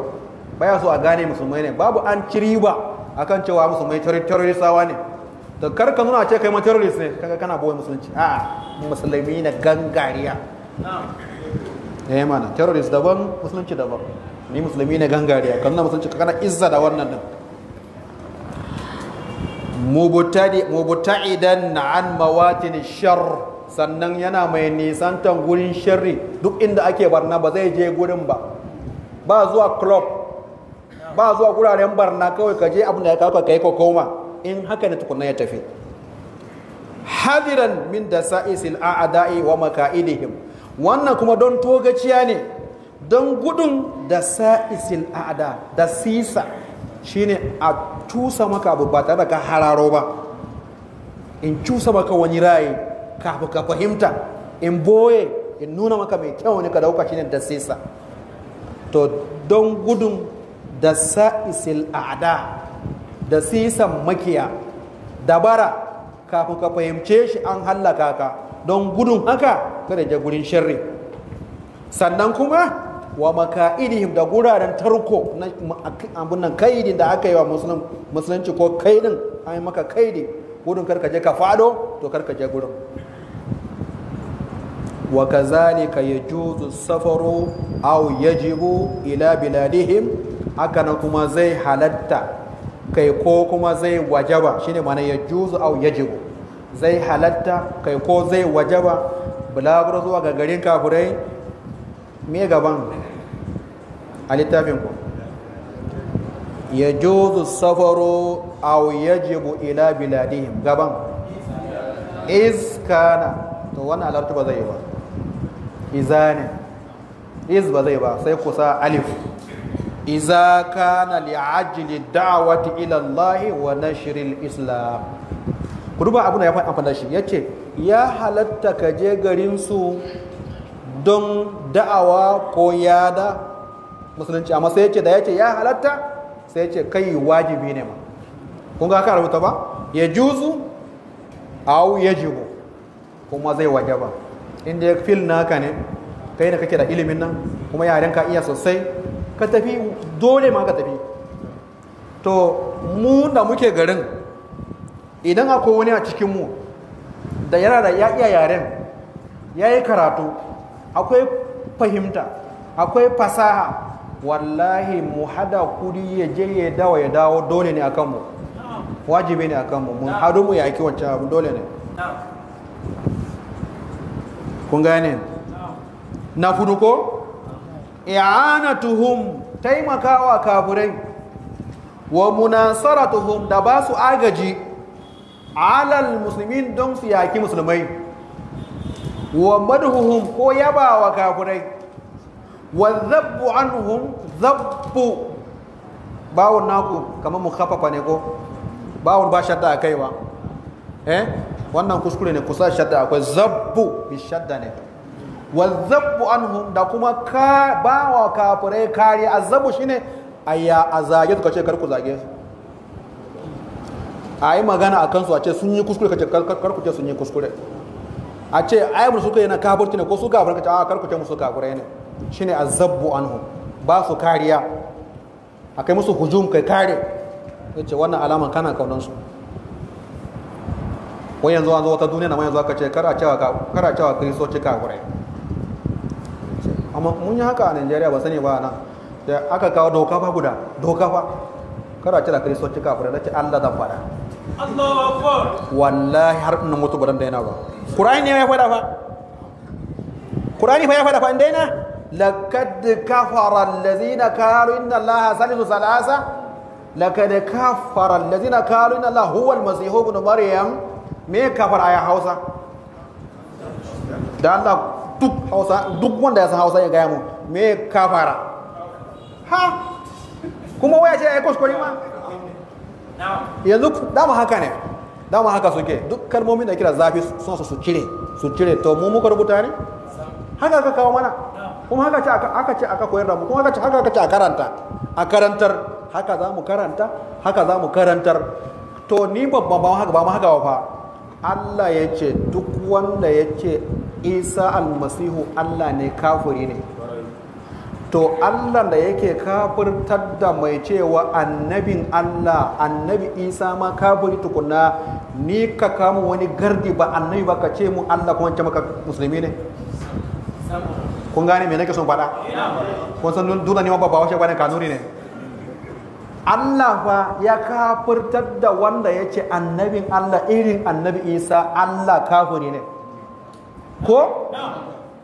baya so a gane musulmai ne babu an ciri ba akan cewa musulmai terrorisawa ne da karka nuna ce kai ma terrorist ne kaga kana boye musulunci a'a musulmi na gangariya eh mana terrorist daban musulunci daban ni musulmi na gangariya kan nuna musulunci kana izza da wannan din mubtadi mubta'idan an mawatin shar sannan yana mai nisantan gurin shirri duk inda ake barna ba zai je gurin ba ba zuwa club ba zuwa guraren barna kawai ka je abin da ya kawo ka yi koma in haka ne tukunan ya tafi hadiran min da sa'isil a'ada'i wa maka'idihim wannan kuma don togaciya ne don gudun da sa'isil a'ada da sisa shine a cusa maka abu ba tare da ka hararo ba in cusa maka wani ra'ayi kafin ka fahimta in boye in nuna maka mai kyau ne ka dauka ne da sesa to don gudun da sa'isil a'da da sisan makiya dabara kafin ka fahimce shi an hallaka ka don gudun haka kada je gurin sharri sannan kuma wa maka'idihim da guraren tarko na abunan kaidin da aka yi wa musulunci ko kaidin an yi maka kaidi gudun karkaje ka fado to karkaje gurin wa kazalika yajuzu safaru au yajibu ila biladihim haka nan kuma zai halatta kai ko kuma zai wajaba shine ma'ana yajuzu au yajibu zai halatta kai ko zai wajaba bulaguro zuwa ga garin kafirai me gaban a littafin ku yajuzu safaru au yajibu ila biladihim gaban iskana to wannan alartu ba zai yi ba izanin iz ba zai ba sai kusa alif iza kana ajli da'wati ila Allah wa nashril islam kuduba abuna ya faɗa amfana shi yace ya halatta ka je garin su don da'awa ko yada musulunci amma sai yace da yace ya halatta sai yace kai wajibi ne ma kun ga ka rubuta ba ya juzu aw yajibu kuma zai wajaba inda ya fil naka ne kai da kake da ilimin nan kuma yaren ka iya sosai ka tafi dole ma ka tafi to mu da muke garin idan akwai wani a cikin mu da yana da ya iya yaren ya yi karatu akwai fahimta akwai fasaha wallahi mu hada kudi ya je ya dawo ya dawo dole ne a kanmu wajibi ne a kanmu mun hadu mu ya ake wancan abu dole ne kun gane na fudu ko tuhum taimakawa kafirai wa tuhum da ba su agaji alal musulmin don su yaki musulmai wa madhuhum ko yaba wa kafirai wa zabbu anhum zabbu bawon naku kamar mu ne ko bawon ba shadda a kaiwa eh wannan kuskure ne kusa shadda akwai zabbu bi shadda ne wal zabbu anhum da kuma ka bawa kafirai kariya azabu shine ayya azage ka ce kar ku zage su a yi magana a kansu a ce sun yi kuskure kace karku ce sun yi kuskure a ce ayyar suka yi na kafirci ne ko su ka ce a karku ce musu kafirai ne shine azabbu anhu ba su kariya a kai musu hujum kai kare yace wannan alaman kana kaunan su wai yanzu wanzu wata duniya na yanzu aka ce kara cewa kiristoci kagurai amma mun yi haka a nigeria ba sani ba nan da aka kawo doka fa guda doka fa kara cewa kiristoci kagurai da ce allah zan fada wallahi har ina mutu ba daina ba kurani ne ya fada fa qur'ani fa ya fada fa in daina lakad kafara allazina qalu inna allaha salisu salasa lakad kafara allazina qalu inna allaha huwa almasih ibn maryam me kafar ayan hausa da Allah duk hausa duk wanda ya san hausa ya gaya mu me ya kafara ha kuma waya ce ai kuskure ma yanzu dama haka ne dama haka suke duk kalmomin da kira zafi sun su cire su cire to mu muka rubuta ne haka ka kawo mana kuma haka ce aka ce aka koyar da mu kuma haka ce aka ce a karanta a karantar haka za mu karanta haka za mu karantar to ni babban ba haka ba ma haka ba fa Allah ya ce duk wanda ya ce isa almasihu Allah ne kafiri ne to Allah da yake kafirtar da mai cewa annabin Allah annabi isa ma kafiri tukuna ni ka kama wani gardi ba annabi ba ka ce mu Allah kuma ce maka musulmi ne kun gane me nake son faɗa kun san duna ne ma ba ba washe kanuri ne Allah fa ya kafirtar da wanda ya ce annabin Allah irin annabi Isa Allah kafiri ne ko?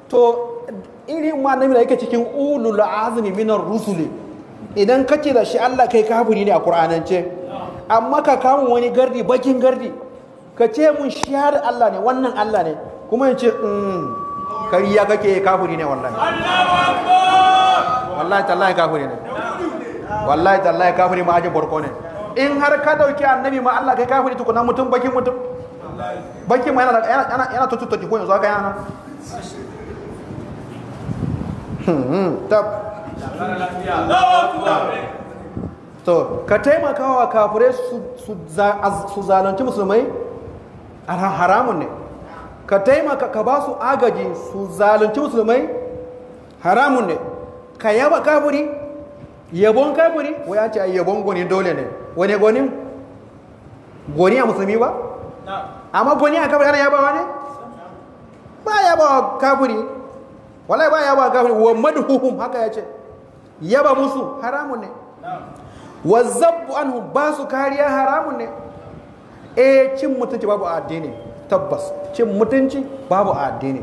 to irin annabi da yake cikin ulul azmi minar rusuli idan ka ce da shi Allah kai kafiri ne a ƙur'anance amma ka kama wani gardi bakin gardi ka ce mun shi Allah ne wannan Allah ne kuma ya ce mm, kariya kake kafiri ne wallahi wallahi tallahi kafiri ne wallahi tallahi kafiri ma ajin barko ne in har ka dauki annabi ma Allah kai kafiri tukuna mutum bakin mutum bakin ma yana yana yana tututa ko yanzu haka yana hmm, hmm, tab to ka taimaka wa kafirai su zalunci musulmai haramun ne ka taimaka ka ba su agaji su zalunci musulmai haramun ne ka yaba kafiri yabon kafiri wai ya ce a yabon goni dole ne wani goni goni a musulmi ba amma goni a kafiri ana yabawa ne ba yabawa kafiri wallahi ba yabawa kafiri wa madhuhum haka ya ce yaba musu haramun ne wa zabbu anhum ba su kariya haramun ne eh cin mutunci babu addini tabbas cin mutunci babu addini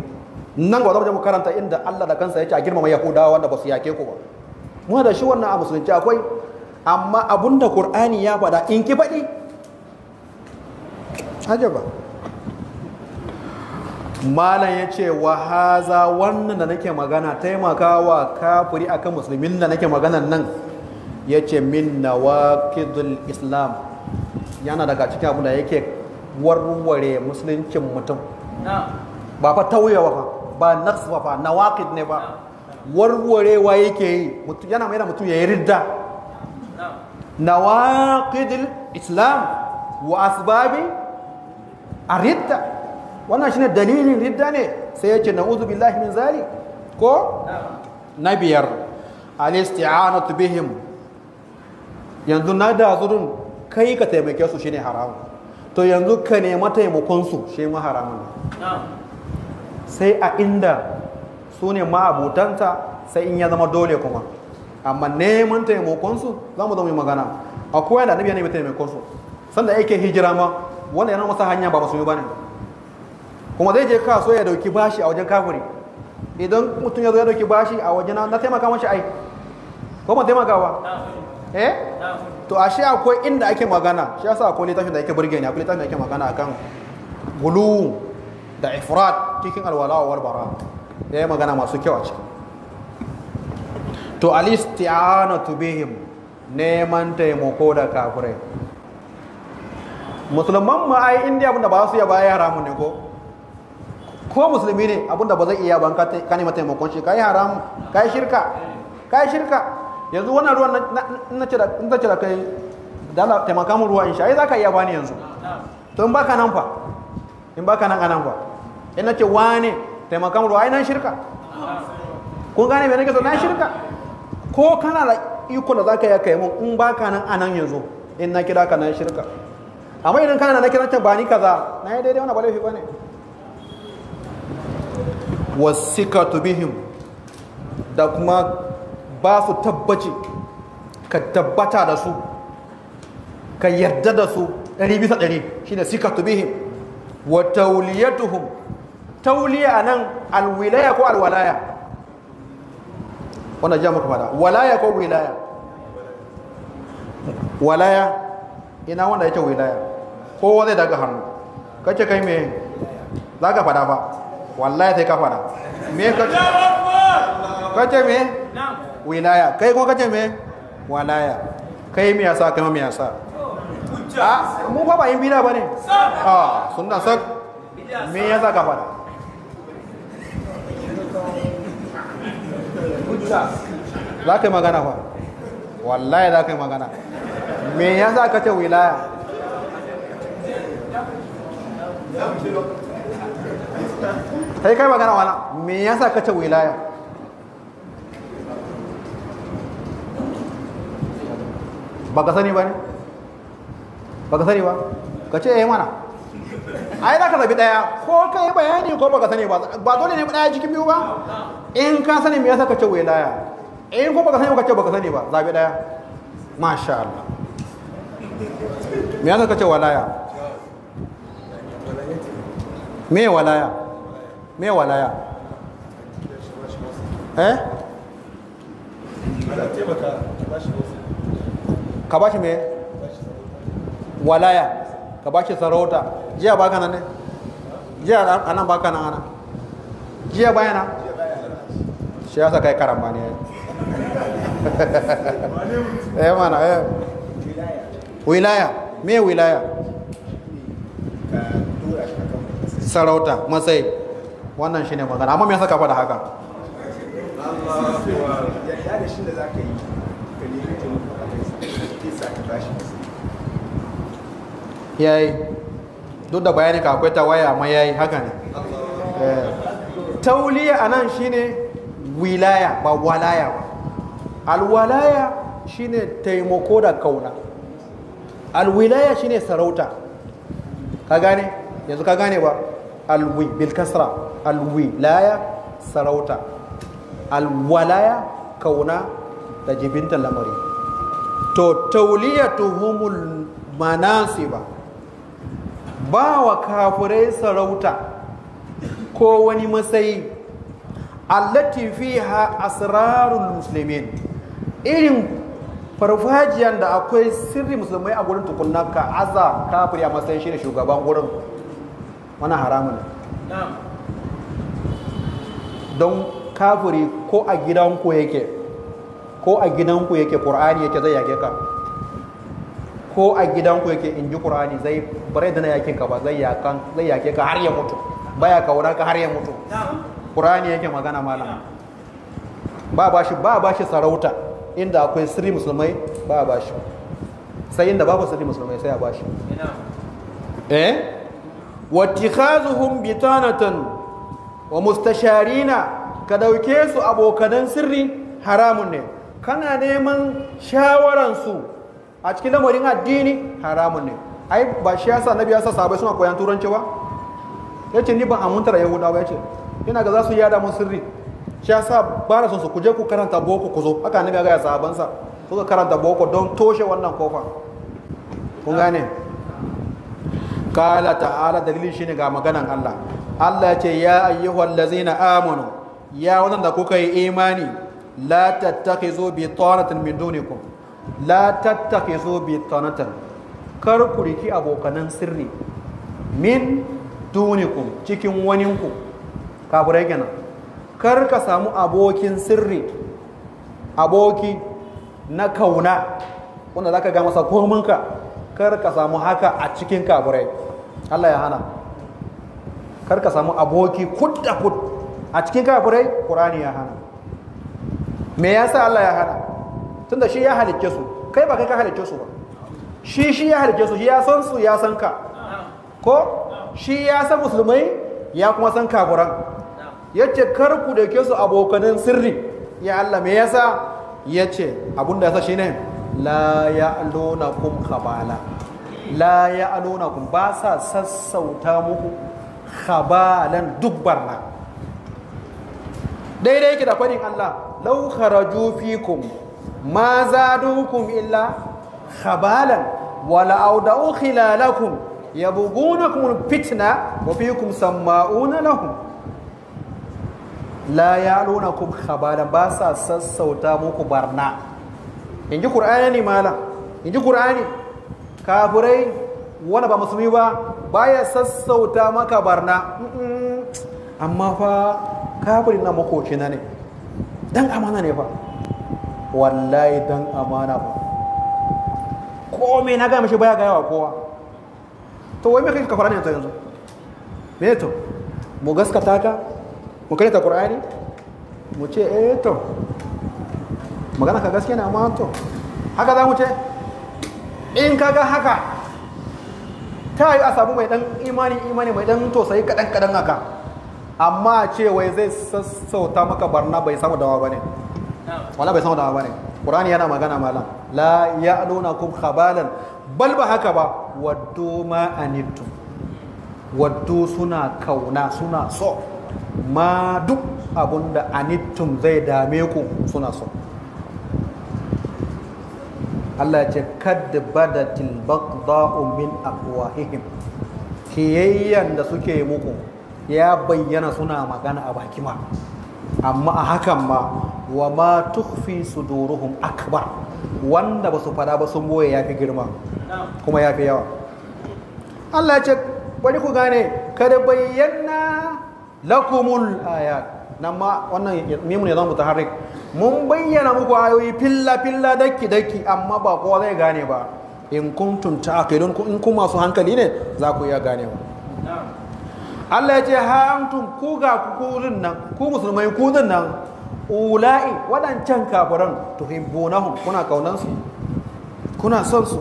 nan ga za mu karanta inda Allah da kansa ya ce a girmama Yahudawa wanda ba su yake ku ba mu da shi wannan a musulunci akwai amma abunda Kur'ani ya faɗa in ki faɗi ajaba malam ya ce wa haza wannan da nake magana taimakawa kafiri akan musulmin da nake magana nan ya ce min nawaqidul islam yana daga cikin abu da yake warware musuluncin mutum ba fa tauyewa fa ba naqs ba fa nawaqid ne ba warwarewa yake yi yana mai da mutum ya yi ridda nawaqidil islam wa asbabi a ridda wannan shine dalilin ridda ne sai ya ce uzu billahi min zali ko na biyar al-isti'anatu tubihim. yanzu na da zurun kai ka taimake su shine haramun to yanzu ka nema taimakon su shi ma haramun sai a inda su ne ma'abutanta sai in ya zama dole kuma amma neman taimakonsu za mu zama yi magana akwai da annabi ya nemi taimakonsu sanda yake hijira ma wanda yana masa hanya ba masu yi ba ne kuma zai je kaso ya dauki bashi a wajen kafiri idan mutum ya zo ya dauki bashi a wajen na taimaka mashi ai ko ma ba eh to ashe akwai inda ake magana shi yasa akwai littafin da ake burge ni akwai littafin da ake magana akan gulu da ifrat cikin alwala wa bara'a ya yi magana masu kyau a ciki to na tubihim neman taimako da kafirai musulman ma ai indiya abinda ba su yaba ya haramun ne ko ko musulmi ne abinda ba zai iya ban ka nema taimakon shi kai haramu kai shirka kai shirka yanzu wannan ruwan na ce da kai dala taimaka mu ruwa yi ai zaka iya bani yanzu to in baka nan fa in baka nan anan fa in nace wane taimaka mu ai shirka kun gane me nake so na shirka ko kana da iko da zaka yi kai mun in baka nan anan yanzu in na kira ka na shirka amma idan kana na kira ta ba ni kaza na yi daidai wani ba laifi bane wasikatu bihim da kuma ba su tabbaci ka tabbata da su ka yarda da su ɗari bisa ɗari shine sikatu bihim wa tauliyatuhum tauliya a nan alwilaya ko alwalaya wanda jiya kuma da walaya ko wilaya walaya ina wanda yake wilaya wanda ya daga hannu kace kai me za ka fada ba wallahi sai ka fada me kace kace me wilaya kai kuma kace me walaya kai me yasa kai me yasa a ah, mu fa ba yin bida bane a ah, sunna sak me yasa ka fada za ka yi magana fa wallahi za ka yi magana me ya za ka ce wilaya ta yi kai magana wala me ya sa ka ce wilaya ba ka sani ba ne ba ka sani ba ka ce eh mana ai za ka zabi daya ko ka yi bayani ko ba ka sani ba ba dole ne daya cikin biyu ba in ka sani me yasa ka ce wilaya in ko baka sani ka ce baka sani ba zabi daya masha Allah me yasa ka ce walaya me walaya me walaya eh ka bashi me walaya ka bashi sarauta jiya baka nan ne jiya anan baka nan ana jiya bayana shi yasa kai karamba ne *laughs* eh mana eh wilaya me wilaya sarauta matsayi wannan shi ne magana amma me yasa ka da haka yayi duk da bayani ka akwai tawaya amma yayi haka ne eh. tauliya shi ne. wilaya ba walaya ba alwalaya shine taimako da kauna alwilaya shine sarauta ka gane yanzu ka gane ba alwi bilkasra alwilaya sarauta alwalaya kauna da jibinta lamari to tauliyatuhumul manasiba ba wa kafirai sarauta ko wani matsayi allati fiha asrarul muslimin irin farfajiyar da akwai sirri musulmai a gurin tukunna ka aza kafiri a matsayin shi da shugaban gurin wani haramun don kafiri ko a gidanku yake ko a gidanku yake ƙur'ani yake zai yake ka ko a gidanku yake in ji ƙur'ani zai bare da na yakin ka ba zai yake ka har ya mutu baya wurin ka har ya mutu ƙur'ani yake magana malam ba ba shi ba ba shi sarauta inda akwai sirri musulmai ba ba shi sai inda babu sirri musulmai sai a ba shi eh wattikhazuhum bitanatan wa mustasharina ka dauke su abokanan sirri haramun ne kana neman su a cikin lamarin addini haramun ne ai ba shi yasa nabi yasa sabai suna koyan turanci ba yace ni ban amuntar yahudawa yace ina ga za su yada mun sirri shi ya sa ba na son su kuje ku karanta boko ku zo haka annabi ya sahabansa su suka karanta boko don toshe wannan kofa kun gane kala ta'ala dalilin shine ga maganan Allah Allah ya ce ya ayyuhal na amanu ya da kuka yi imani la tattakhizu bi tanatan min dunikum la tattakhizu bi tanatan kar ku riki abokanan sirri min dunikum cikin waninku kafirai kenan kar ka samu abokin sirri aboki na kauna wanda za ka ga masa kominka kar ka samu haka a cikin kafirai Allah ya hana kar ka samu aboki kudda kud a cikin kafirai Qur'ani ya hana me sa Allah ya hana tun da shi ya halicce su kai ba kai ka halicce su ba shi shi ya halicce su shi ya san su ya san ka ko shi ya san musulmai ya kuma san kafiran yace kar ku ke su abokanan sirri ya Allah me yasa yace abunda yasa shine la kum khabala la ya'lunakum ba sa sassauta muku khabalan duk barna daidai yake da faɗin Allah law kharaju fikum ma zadukum illa khabalan wala auda'u khilalakum yabghunakum fitna wa fikum sama'una lahum la ya nuna kum khabalan ba sa sassauta muku barna in ji ƙur'ani malam in ji ƙur'ani kafirai wani ba musulmi ba baya sassauta maka barna amma fa kafirin na na ne dan amana ne fa wallahi dan amana ba me na gaya mashi baya gaya wa kowa to wai me kake kafara ne yanzu me to mu gaskata ka mu karanta ƙur'ani? mu ce eh to magana ka gaskiya ne amma to haka za mu ce in kaga haka ta yi a samu mai dan imani imani mai dan tosayi kadan kadan haka amma ce wai zai sassauta maka barna bai samu dawa bane wala bai samu dawa bane qur'ani yana magana malam la ya'lunakum khabalan bal ba haka ba waddu ma anittum waddu suna kauna suna so ma duk abunda anittum zai dame ku suna so Allah ce kadda badatil min afwahihim kiyayyan da suke muku ya bayyana suna magana a baki ma amma a hakan ma wa ma tukhfi suduruhum akbar wanda ba su fada ba sun boye yafi girma kuma yafi yawa Allah ce bari ku gane kada bayyana lakumul ayat nan ma wannan mimun ya zama mutaharrik mun bayyana muku ayoyi filla filla daki daki amma ba kowa zai gane ba in kuntum ta'qilun in kun masu hankali ne za ku iya gane ba Allah ya ce ha antum ku ga ku kurin nan ku musulmai ku din nan ula'i wadancan kafiran tuhibbunahum kuna kaunansu kuna son su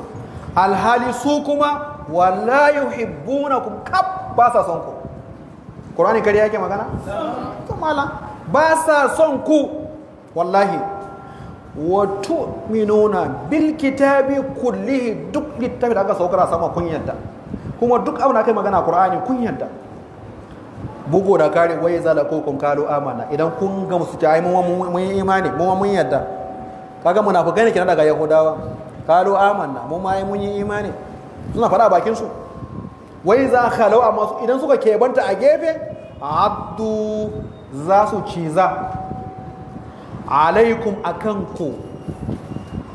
alhali su kuma wala yuhibbunakum kab ba sa son ku ƙorani kari yake magana? mala ba sa son ku wallahi wato minuna bilkita bi kullihi duk littafi da aka saukar sama kun kuma duk abin da yi magana ƙorani kun bugu da kare waye zala ko kun kalu amana idan kun ga musu ta mun yi imani mun mun yadda kaga munafikai ne kina daga yahudawa kalu amana. Mun ma mun yi imani suna faɗa bakin su wai za khalau amma idan suka kebanta a gefe abdu za su ciza alaikum akan ku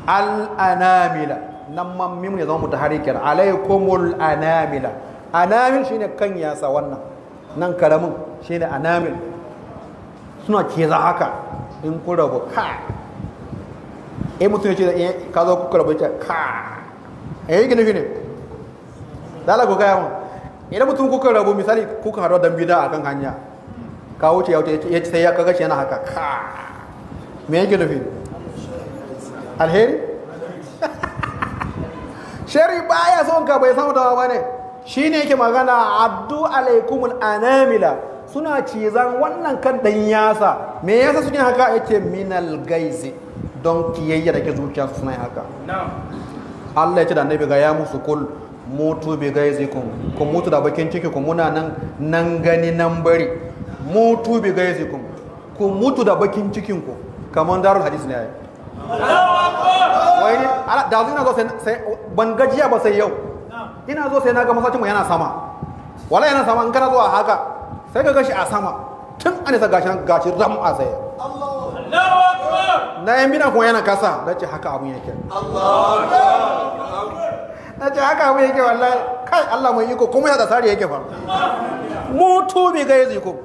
al'anamila nan mammin ne zama mutaharikiyar alaikumul anamila anamil shine kan yasa wannan nan karamin shine anamil suna ciza haka in ku rabu ka e mutum ya ce da eh, ka zo ku rabu ka eh gine gine dala ku gaya mun idan mutum kuka rabu misali kuka haɗu dan bida akan hanya ka wuce ya wuce ya sai ya kaga shi yana haka me yake nufi alheri *laughs* shari baya son ka bai samu dawa bane shine yake magana abdu alaikumul anamila suna cizan wannan kan dan yasa me yasa suke haka yake minal gaizi don kiyayya da ke zuciya suna haka Allah ya ce da annabi ga ya musu kul mutu bi kun? ku mutu da bakin ciki ku muna nan nan gani nan bari mutu bi kun? ku mutu da bakin cikin ku kamar darul hadis ne yayi wai da na zo sai ban gajiya ba sai yau ina zo sai na ga mu yana sama wala yana sama in kana zuwa haka sai ka gashi a sama tun an sa gashin gashi ram a sai na yan bina kuma yana kasa dace haka abun yake Allahu na ce haka abu yake wallahi kai Allah mai iko kuma ya da tsari yake fa mu to bi ga iko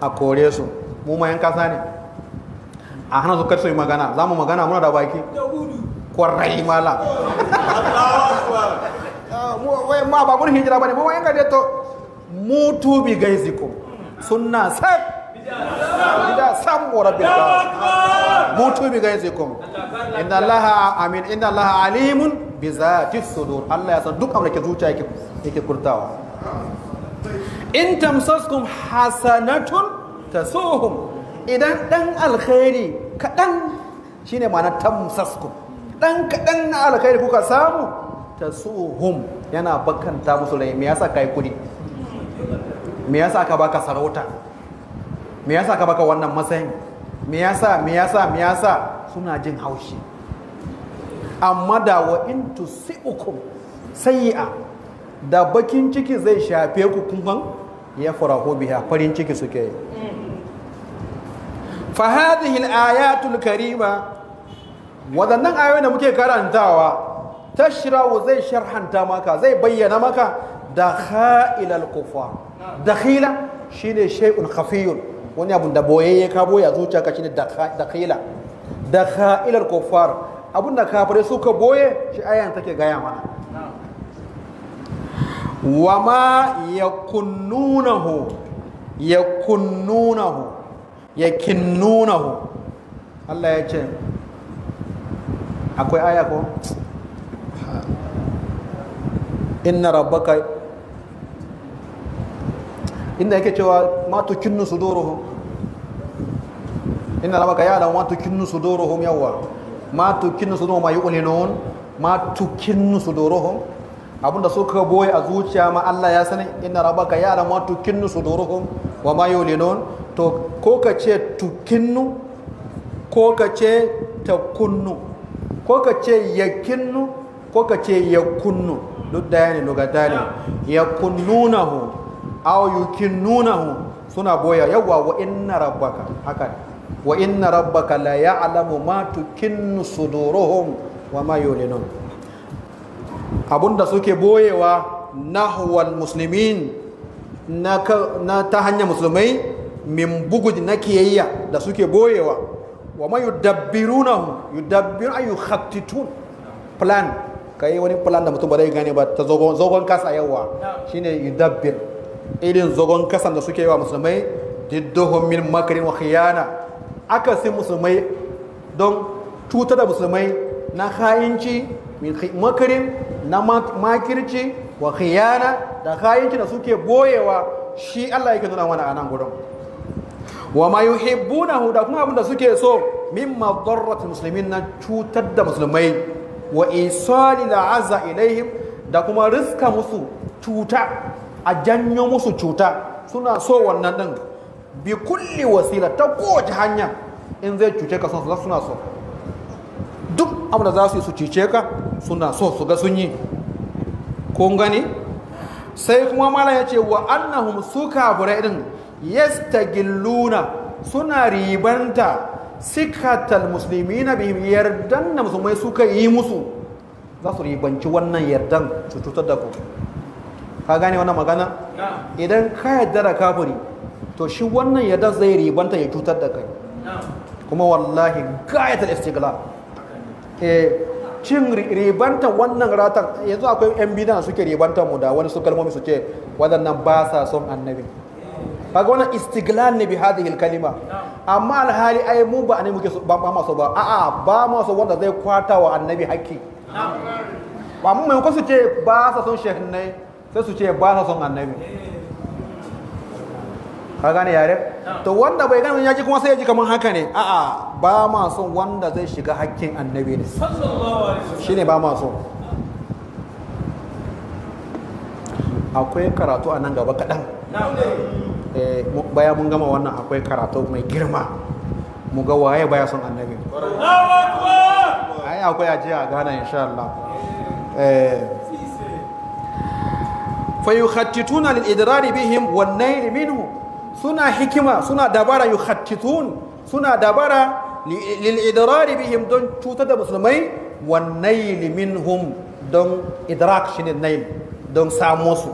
a kore su mu ma yan kasa ne a hana su kar magana za mu magana muna da baki kwarai mala ah, ma ba mun hijira bane mu ma yan gade to mutu bi ga iko sunna sai Bida إذا سموا رب العالمين موتوا بغيظكم إن Allaha amin. إن Allaha alimun bi zati sudur Allah ya san duk abin da ke zuciya yake yake kurtawa in tamsaskum hasanatun tasuhum idan dan alkhairi kadan shine ma'anar tamsaskum dan kadan na alkhairi kuka samu tasuhum yana bakanta musu rai me yasa kai kudi me yasa ka baka sarauta me yasa ka baka wannan matsayin me yasa me yasa me yasa suna jin haushi amma da wa in tusibukum sayyi'a da bakin ciki zai shafe ku kuma ya farahu biya farin ciki suke yi fa hadhihi al-ayatul karima wadannan ayoyi da muke karantawa tashrawu zai sharhanta maka zai bayyana maka da kha'ilal kufa dakhila shine shay'un khafiyun wani abun da ya kabo a zuciya ka shine dakhila da kha'ilal kufar abin da kafirai suka boye shi ayan take gaya mana wa ma ya kunnunahu ya kunnunahu ya kinnunahu Allah ya ce akwai aya ko inna rabbaka inda yake cewa ma tukinnu suduruhum inna rabbaka ya da ma tukinnu suduruhum yawwa ma tukinnu suduruhum ma yu'linun ma tukinnu suduruhum abinda suka boye a zuciya ma Allah ya sani raba ka yara ma tukinnu suduruhum wa ma yu'linun to ko ka ce tukinnu ko ka ce ta kunnu ko ka ce kinnu ko ka ce yakunnu duk daya ne lugata ne yakunnunahu aw yukinnunahu suna boya yawwa wa inna rabbaka haka ne wa inna rabbaka la ya'lamu ma tukinnu suduruhum wa ma yulinun abunda suke boyewa nahwal muslimin na ta hanya musulmai min bugud na kiyayya da suke boyewa wa ma yudabbirunahu yudabbiru ayu yukhattitun plan kai wani plan da mutum ba zai gane ba ta zogon kasa yawa shine yudabbir irin zogon kasan da suke yi wa musulmai diddohum min makarin wa khiyana aka si musulmai don cutar da musulmai na ha'inci makarin na makirci wa khiyana da ha'inci da suke boyewa shi Allah yake nuna mana a nan gudun wa ma yuhibbunahu da kuma abinda suke so min darrat muslimin na cutar da musulmai wa isali da azza ilaihim da kuma riska musu cuta a janyo musu cuta suna so wannan din bi kulli wasila ta kowace hanya in zai cuce ka son suna so duk abu da za su yi su cuce ka suna so su ga sun yi kun gani sai kuma mala ya ce wa annahum su kafirai din yastagilluna suna ribanta sikatal na bihim yardan da musulmai suka yi musu za su ribanci wannan yardan su cutar da ku ka gane wannan magana idan ka yarda da kafuri. to shi wannan yadda zai ribanta ya cutar da kai kuma wallahi gayatul istiqlal eh cin ribanta wannan ratar yanzu akwai yan bidan suke ribanta mu da wani su kalmomi su ce waɗannan ba sa son annabi kaga wannan istigla ne bi hadhihi kalima amma alhali ai mu ba ne muke ba ma so ba a'a ba ma so wanda zai kwata wa annabi haƙƙi ba mu mai su ce ba sa son shehnai sai su ce ba sa son annabi ka gane yare to wanda bai gane ya ji kuma sai ya ji kamar haka ne a'a ba ma son wanda zai shiga hakkin annabi ne shine ba ma son akwai karatu a nan gaba kaɗan eh, baya mun gama wannan akwai karatu mai girma mu ga waye baya son annabi ai akwai aji a gana insha Allah eh. fa yukhattituna lil idrari bihim wan nayl minhu suna hikima suna dabara yukhattitun suna dabara lil idrari bihim don cutar da musulmai wan nail minhum don idrak shine nail don samo su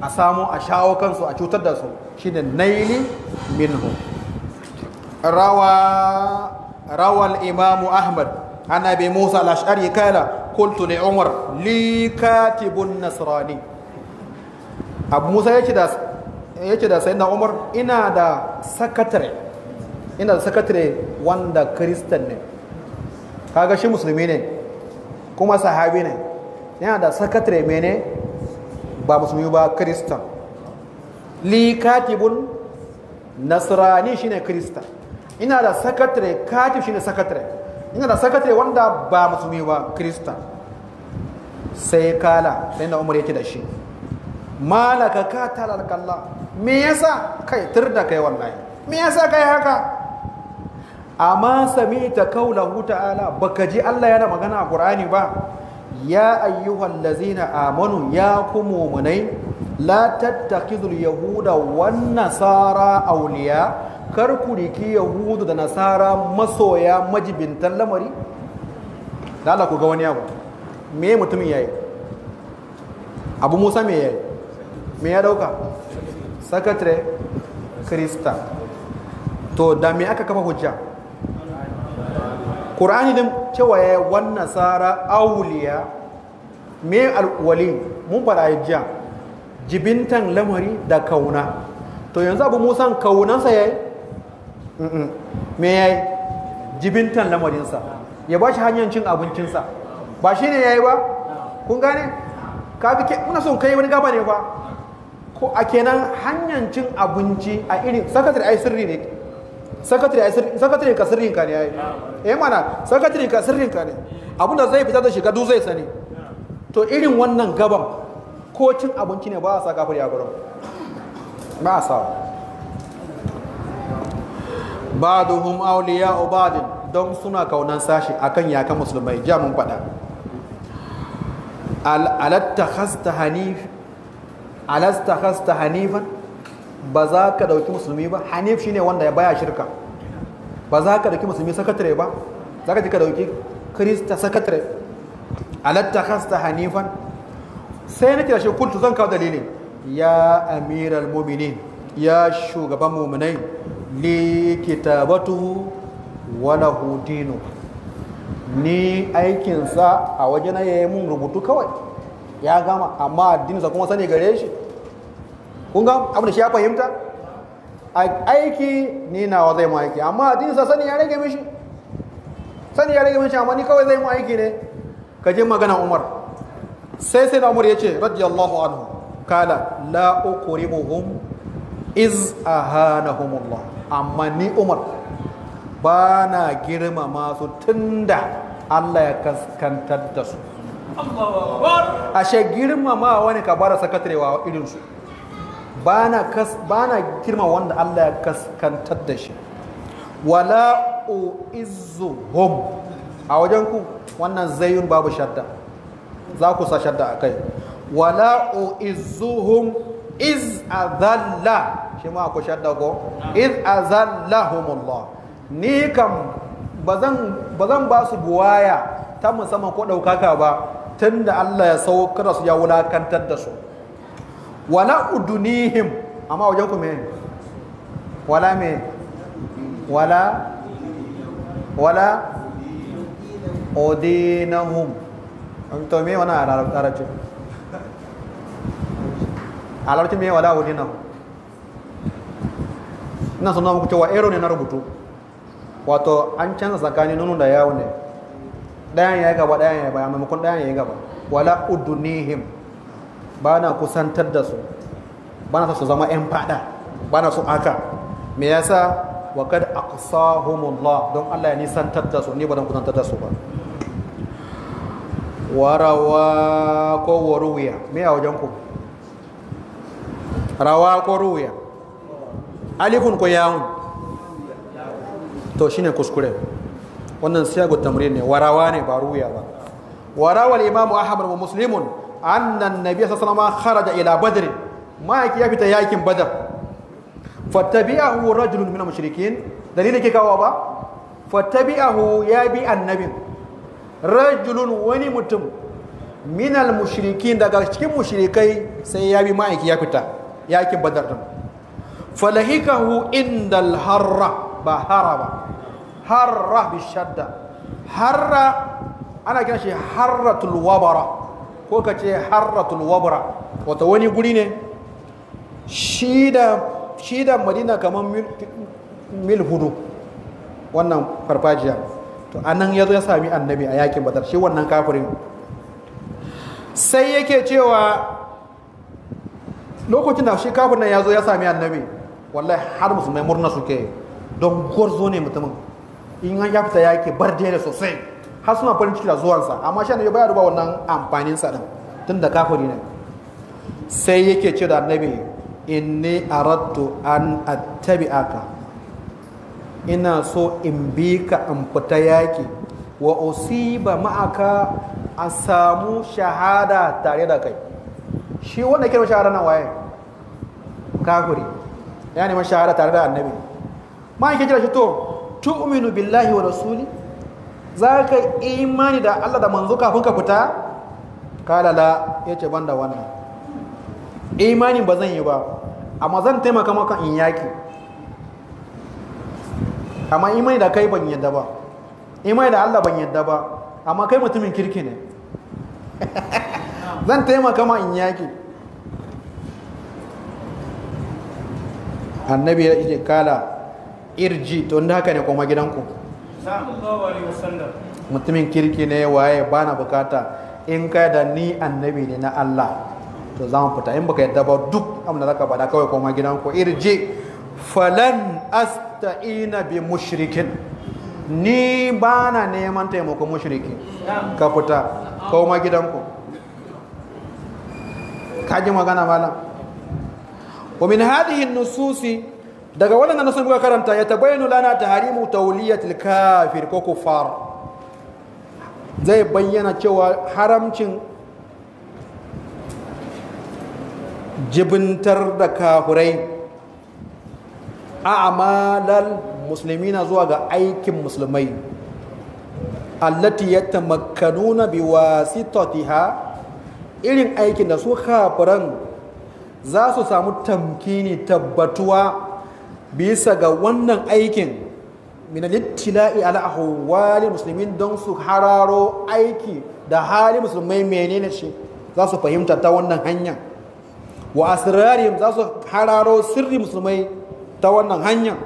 a samo a shawo kansu a cutar da su shine nail minhum rawa rawa imamu ahmad an abi musa al-ash'ari kala qultu umar likatibun katibun nasrani abu yake da ce da na umar ina da sakatare ina da sakatare wanda kristan ne kaga shi musulmi ne kuma sahabi ne yana da sakatare ne ba musulmi ba kristan li katibun nasrani shine kristan ina da sakatare katib shine sakatare ina da sakatare wanda ba musulmi ba kristan sai kala sai na umar ce da shi malaka ka talar me yasa kai tur da kai wallahi me yasa kai haka amma sami'ta kaulahu ta'ala baka ji Allah yana magana a Qur'ani ba ya ayyuhal ladzina amanu ya ku mu'minai la tattakhidul yahuda wan nasara awliya kar ku riki yahudu da nasara masoya majibintan lamari da Allah ku ga wani abu me mutumin yayi abu Musa me yayi me ya dauka sakatare krista to da me aka kafa hujja ƙur'ani din cewa ya wannan tsara auliya me alwali mun fara jiya jibintan lamari da kauna to yanzu abu musan kaunansa ya yi me ya yi jibintan lamarinsa ya ba shi hanyar cin abincinsa ba shi ne ya yi ba kun gane muna son kai wani gaba ne ba ko a kenan hanyar cin abinci a irin sakatare ai sirri ne sakatare ai sirri sakatare ka sirrin ka ne ai eh mana sakatare ka sirrin ka ne abinda zai fita da shiga du zai sani to irin wannan gaban ko cin abinci ne ba a sa kafir ya gurin ba a sa ba'duhum ya ba'din don suna kaunan sashi akan yakan musulmai ja mun faɗa alatta hasta hanif alasta hasta hanifan ba za ka dauki musulmi ba hanif shine wanda ya baya shirka ba za ka dauki musulmi sakatare ba za ka ji ka dauki krista sakatare alatta hasta hanifan sai nake da shi kuntu zan kawo dalilin ya amiral muminin ya shugaban muminai li kitabatu wala dinu ni aikinsa a wajen ya yi mun rubutu kawai ya gama amma addinin sa kuma sani gare shi kun ga abin da shi ya fahimta aiki ni nawa zai mu aiki amma addini sa sani ya rage mishi sani ya rage mishi amma ni kawai zai mu aiki ne ka je magana Umar sai sai na Umar ya ce radiyallahu anhu kala la ukrimuhum iz humullah. amma ni Umar ba na girmama su tunda Allah ya kaskantar da su ashe girmama wani ka bara sakatarewa irinsu ba na girma wanda Allah ya kaskantar da shi wala hum! a wajen ku wannan zayun babu shadda za ku sa shadda a kai wala hum! iz azalla shi ma ku shadda ko iz azallahumullah ni kam ba zan ba su buwaya ta musamman ko ɗaukaka ba tunda Allah ya saukar da su ya wulakantar da su wala udunihim amma wajen ku me wala me wala wala udinahum to me arabci alarci me wala udinahum ina sanar muku cewa ero ne na rubutu wato an canza tsakanin nunu da yawo ne ɗayan ya yi gaba ɗayan ya yi baya maimakon ɗayan ya yi gaba wala udunihim ba na kusantar da su ba na su zama 'yan fada ba na su aka me yasa wa kad aqsahumullah don Allah ya nisantar da su ni ba don kusantar da su ba warawa ko waruwiya me a wajen ku rawa ko ruwiya alifun ko yawun to shine kuskure wannan siyagu tamrin ne warawa ne ba ruwiya ba warawal imamu ahmad wa muslimun annan nabi sallallahu alaihi kharaja ila badr ma'aiki ya fita yakin badar fattabi'ahu rajulun min mushrikin dalilin ke kawo ba fattabi'ahu ya bi annabin rajulun wani mutum min mushrikin daga cikin mushrikai sai ya bi ma'aiki ya fita yakin badar din falahikahu indal harra ba hara ba harra bi shadda harra ana kira shi harratul wabara ko ka ce harratul wabra wata wani guri ne shi da madina kamar mil hudu wannan farfajiya to a nan ya zo ya sami annabi a yakin badar shi wannan kafirin sai yake cewa lokacin da shi kafin nan ya zo ya sami annabi wallahi har musulmai murna suke don gwarzo ne mutumin in ya fita yake bar da sosai har suna farin ciki da zuwansa amma shi annabi baya ruba wannan amfanin sa din tun da kafiri ne sai yake ce da annabi inni aradtu an attabi'aka ina so in bi ka in fita yaki wa usiba ma'aka a samu shahada tare da kai shi wanda ke shahada na waye kafiri ya neman shahada tare da annabi ma kira shi to tu'minu billahi wa rasuli za ka imani da Allah da manzo kafin ka fita kalala ya ce banda wannan imanin ba zan yi ba amma zan taimaka maka in yaki amma imani da kai ban yadda ba imani da Allah ban yadda ba amma kai mutumin kirki ne *laughs* zan taimaka ma in yaki annabi ya ce kala irji to inda haka ne koma gidanku mutumin kirki ne waye ba na bukata in ka da ni annabi ne na Allah to za mu fita in baka yadda ba duk abin za zaka bada kawai koma gidan ku irje falan asta'ina bi mushrikin ni ba na neman taimakon mushriki ka fita koma ko ka ji magana malam ومن هذه nususi. daga wannan nasu muka karanta ya tabayyana lana taharimu tawliyatil kafir ko kufar zai bayyana cewa haramcin jibintar da kafurai a amalar musulmi na zuwa ga aikin musulmai allati ya tamakkanuna bi irin aikin da su kafiran za su samu tamkini tabbatuwa bisa ga wannan aikin minalittila'i ala ahwali musulmin don su hararo aiki da hali musulmai menene shi za su fahimta ta wannan hanya wa asrarihim za su hararo sirri musulmai ta wannan hanya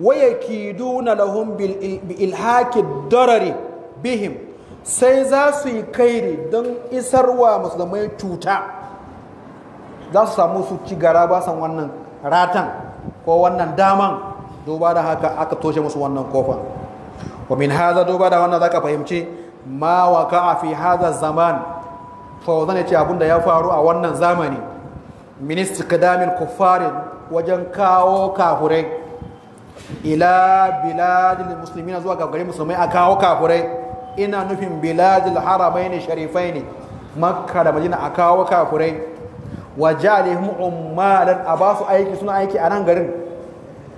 waya kiduna lahun bil ilhakin darari bihim sai za su yi kairi don isarwa musulmai cuta za su samu su ci gara basan wannan ratan ko wannan daman duba da haka aka toshe musu wannan kofa wa min haza duba da wannan zaka fahimci ma waqa'a fi hadha zaman to zan ce abin da ya faru a wannan zamani min istiqdamil kuffari wajen kawo kafurai ila biladil muslimina zuwa ga garin musulmai a kawo kafurai ina nufin biladil haramaini sharifaini makka da madina a kawo kafurai wa jalihim ummalan a ba su aiki suna aiki a nan garin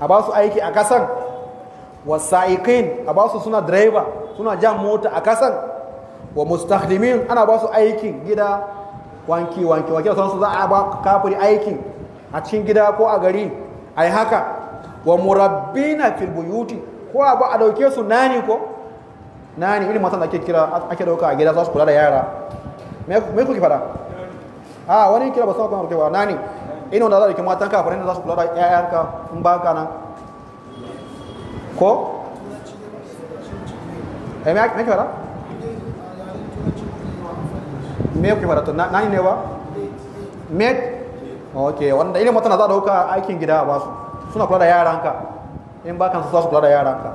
a ba su aiki a kasan wa sa'iqin a ba su suna driver suna jan mota a kasan wa mustakhdimin ana ba su aikin gida wanki wanki wanki sun su za a ba kafiri aiki a cikin gida ko a gari ai haka wa murabbina fil buyuti ko a ba a dauke su nani ko nani irin matan da ake kira ake dauka a gida za su kula da yara me kuke faɗa? a wani kira ba san kuma kai ba nani ina wanda za ka kuma tanka fa ne za su kula da ƴaƴanka in ba ka nan ko eh me me fara? me ku fara to nani ne ba me Ok wanda ilimin tana za dauka aikin gida ba su suna kula da yaranka in ba kan su za su kula da yaranka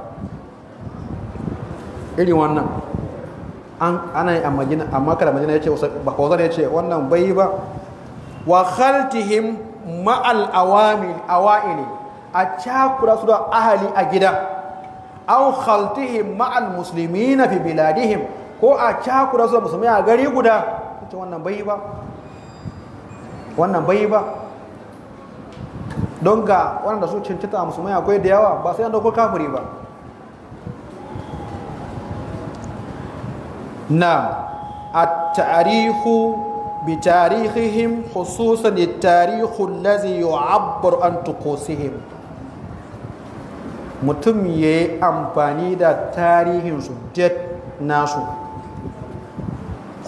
irin wannan an ana a madina amma kada madina ce ba ko zan ce wannan bai ba wa khaltihim ma'al awamil awaili a cakura su da ahali a gida an khaltihim ma'al muslimina fi biladihim ko a cakura su da musulmi a gari guda ita wannan bai ba wannan bai ba don ga wanda su cancanta a musulmi akwai da yawa ba sai an dauko kafiri ba na التاريخ بتاريخهم خصوصا التاريخ الذي يعبر عن طقوسهم mutum ya yi amfani da tarihinsu det nasu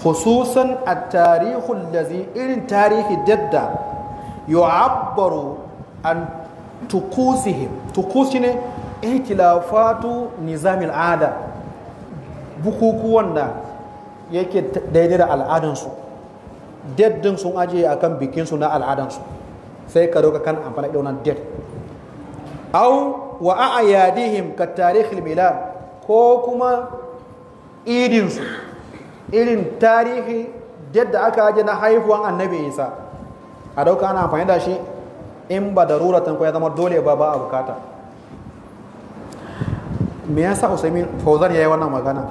khususan a tarihun lazi irin tarihi dadda yu'abbaru an tukusihim shi ne ihtilafatu nizamil ada bukukuwan da yake daidai da al'adansu dead sun ajiye a kan bikinsu na al'adansu sai ka roƙa kan amfani da wannan dead au wa a ayadihim ka tarihil milad ko kuma idinsu irin tarihi dead da aka aje na haihuwan annabi isa a dauka ana amfani da shi in ba da ruratan ko ya zama dole ba ba a bukata me yasa usaimin fauzan ya yi wannan magana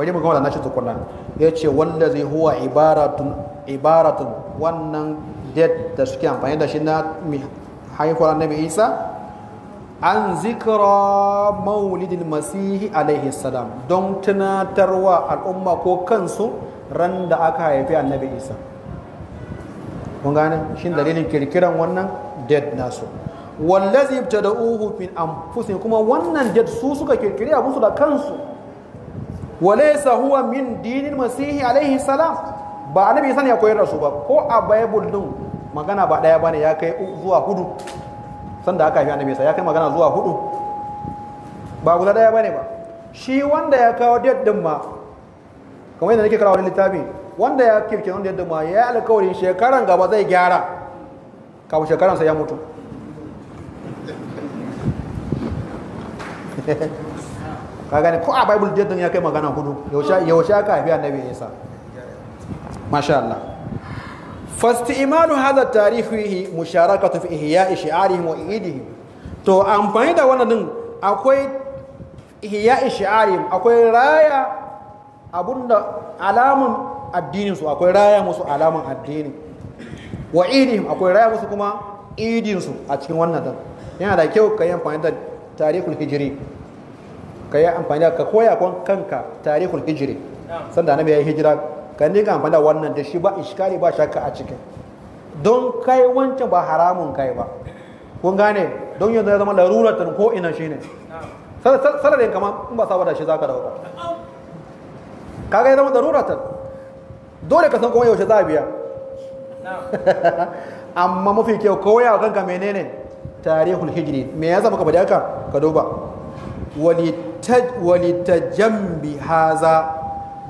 bari mu ga wannan shi tukunna ya ce zai huwa ibaratun ibaratun wannan dead da suke amfani da shi na haihuwar annabi isa an zikira maulidin masihi alaihi salam don tunatarwa al'umma ko kansu ran da aka haifi annabi isa kun gane shi dalilin kirkiran wannan dead nasu wallazi ibtada'uhu min anfusihim kuma wannan dead su suka kirkiri abun su da kansu walaysa huwa min dinin masihi alaihi salam ba annabi sani ya koyar da su ba ko a bible din magana ba daya bane ya kai zuwa hudu sanda aka fi annabi sa ya kai magana zuwa hudu ba guda daya bane ba shi wanda ya kawo daddin ma kamar yadda nake kara wani littafi wanda ya kirkira wanda daddin ma ya yi alkawarin shekaran gaba zai gyara kafin shekaran sai ya mutu *laughs* ka gane ko a bible jirgin ya kai magana hudu yaushe aka haifi annabi isa masha Allah imanu hadha tarihi musharakatu fi ihya'i shi'arihim wa idihim to amfani da wannan din akwai ihya'i shi'arihim akwai raya abunda alamun addinin su akwai raya musu alamun addini wa idihim akwai raya musu kuma idin su a cikin wannan din yana da kyau ka yi amfani da tarihul hijiri ka yi amfani da ka koya kwan kanka tarihul hijiri sanda annabi ya yi hijira ka ne ka amfani da wannan da shi ba iskari ba shakka a cikin don kai wancan ba haramun kai ba kun gane don yanzu ya zama laruratan ko ina shine sanarin kama in ba saba da shi zaka dauka kaga ya zama laruratan dole ka san kuma yaushe za a biya *laughs* amma mafi kyau koya kanka menene tarihul hijiri me ya zama ka bada ka duba jambi haza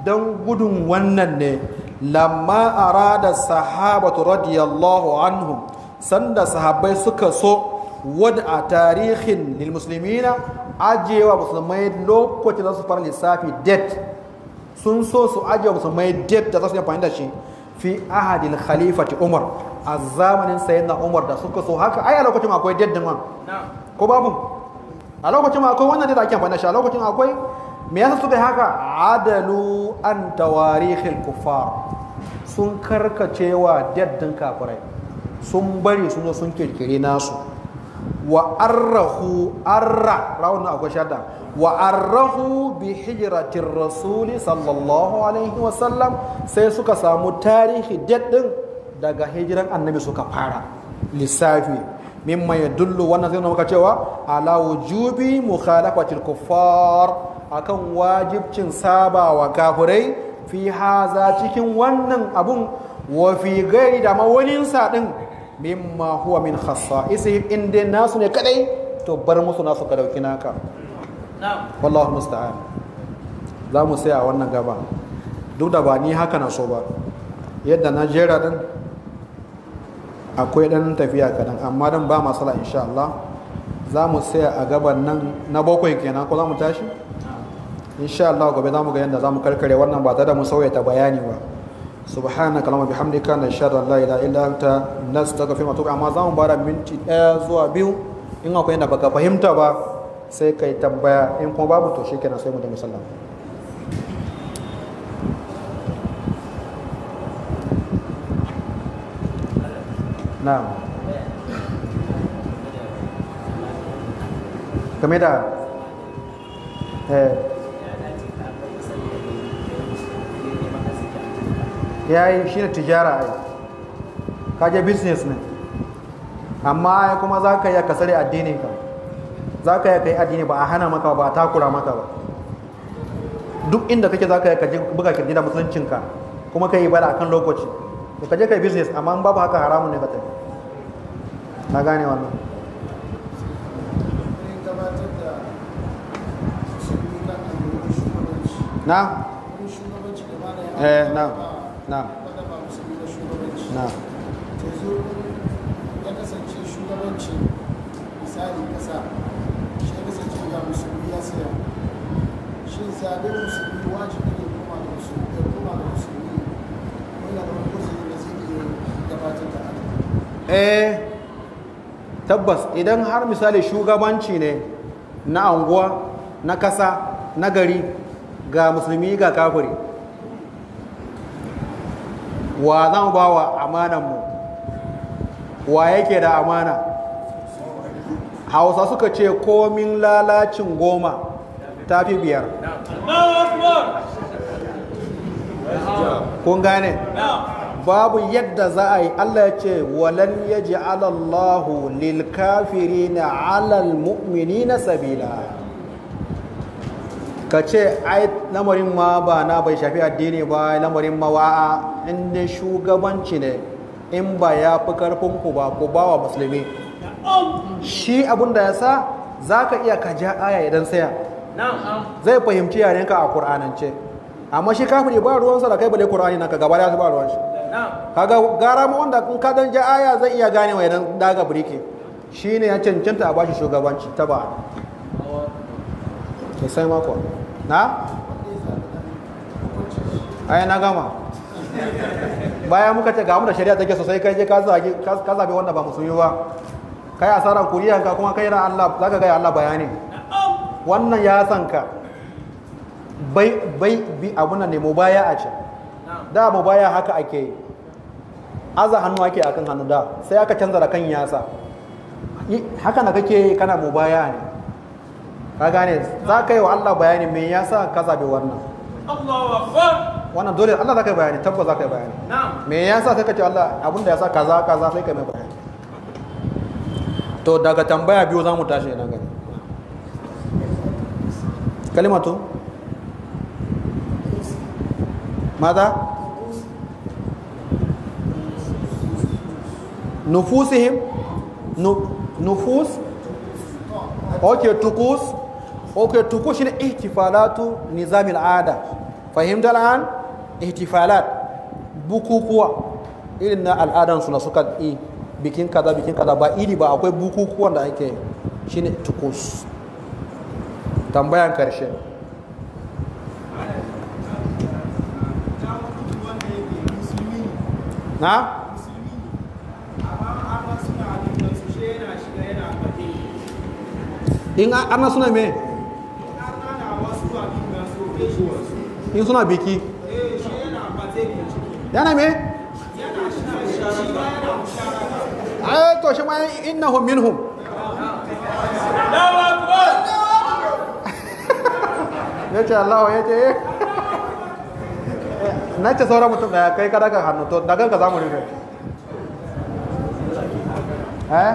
don gudun wannan ne lamma arada sahabatu radiyallahu anhu sanda sahabai suka so wadda a tarihin lilmuslimina ajiyewa musulmai lokacin da su fara lissafi det sun so su ajiyewa musulmai det da za su yi amfani da shi fi ahadin khalifati umar a zamanin sayyidina umar da suka so haka ai a lokacin akwai det din ko babu a lokacin akwai wannan da ake amfani shi a lokacin akwai me yasa suka yi haka adalu an tawarihil kufar sun karkacewa daddin kafirai sun bari sun zo sun kirkiri nasu wa arrahu arra rawun akwai shadda wa arrahu bi hijratir rasuli sallallahu alaihi wasallam sai suka samu tarihi daddin daga hijiran annabi suka fara lissafi mimma yadullu wannan zai maka cewa ala wujubi mukhalafatil kuffar akan wajibcin sabawa kafirai fi haza cikin wannan abun wa fi gairi da mawanin sa din mimma huwa min khassa'isihim in dai nasu ne kadai to bar musu nasu ka dauki naka wallahu musta'an za mu sai a wannan gaba duk da ba ni haka na so ba yadda na jera din akwai ɗan tafiya kaɗan amma dan ba matsala insha Allah za mu tsaya a gaban nan na bakwai kenan ko za mu tashi insha Allah gobe za mu ga yadda za mu karkare wannan ba tare da mu sauyata bayani ba subhanaka allahumma bihamdika nashhadu an la ilaha illa anta nastaghfiruka wa natubu amma za mu bara minti ɗaya zuwa biyu in akwai yadda baka fahimta ba sai kai tambaya in kuma babu to shikenan sai mu da sallama na'am game da ya yi shi ne tijara ai kaje business ne amma ya kuma za ka yi ka tsare addininka za ka yi ka yi addini ba a hana maka ba a takura maka ba duk inda kake za ka yi ka buga kirji da musuluncinka kuma ka yi bada akan lokaci to ka kai business amma in babu haka haramun ne ka tafi na gane wannan na eh na na na kasance shugabanci misali kasa shi ya kasance ga musulmi ya siya shin zaɓen musulmi wajibi eh tabbas idan har misali shugabanci ne na anguwa na kasa na gari ga musulmi ga kafiri wa zan ba wa amananmu wa yake da amana hausa suka ce komin lalacin goma ta fi biyar kun gane? babu yadda za a yi Allah ya ce walan ya ji alallahu lil na alal na sabila ka ce ai lamarin ma ba na bai shafi addini ba lamarin ma wa'a inda shugabanci ne in ba ya fi karfin ku ba ku ba wa musulmi shi abin da ya sa za ka iya ka ja aya idan saya zai fahimci yarenka a kur'anance amma shi kafiri ba ruwansa da kai bale qur'ani naka gaba da ba ruwan shi kaga gara mu wanda in ka dan ja aya zai iya gane wa idan daga burike shine ya cancanta a bashi shugabanci ta ba ke sai mako na aya na gama baya muka ce ga mu da shari'a take sosai kai je ka zabi ka zabi wanda ba musulmi ba kai asaran kuriyanka kuma kai ran Allah zaka ga Allah bayani wannan ya sanka. ka bai bi abuna ne mubaya a can da mubaya haka ake yi aza hannu ake akan hannu da sai aka canza da kan yasa haka na kake kana mubaya ne ka gane za ka yi wa Allah bayani me yasa ka zabe wannan wannan dole Allah za ka yi bayani tabbas za ka yi bayani me yasa sai ka ce Allah abin da yasa kaza kaza sai ka mai bayani to daga tambaya biyu za mu tashi idan gani kalimatu ماذا نفوسهم نفوس اوكي طقوس اوكي طقوس شنو احتفالات نظام العاده فهمت الان احتفالات bukukuwa irin na al'adansu na suka yi bikin kaza bikin kaza ba iri ba akwai bukukuwan da ake shine tukus tambayan karshe na in arna suna me in suna biki yana me eh, to shi *laughs* ya ce allawa ya ce eh. na ce sauran mutum daya kai kada ka hannu to da kanka za mu rufe eh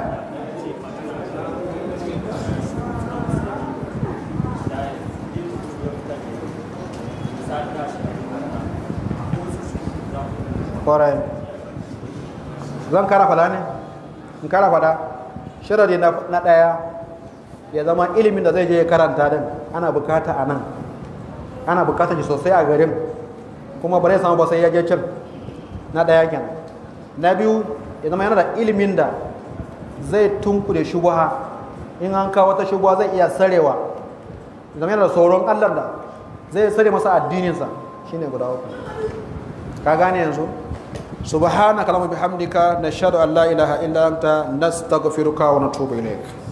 kwarai zan kara fada ne in kara fada shirari na daya ya zama ilimin da zai je karanta din ana bukata a nan ana bukata shi sosai a garin kuma ba zai samu ba sai ya je can na ɗaya kenan na biyu ya zama yana da ilimin da zai da shubuha in an kawo wata shubuha zai iya sarewa ya zama yana da tsoron allah da zai sare masa addininsa shine guda uku ka gane yanzu subhanaka allahumma bihamdika nashhadu an la ilaha illa anta nastaghfiruka wa natubu ilayk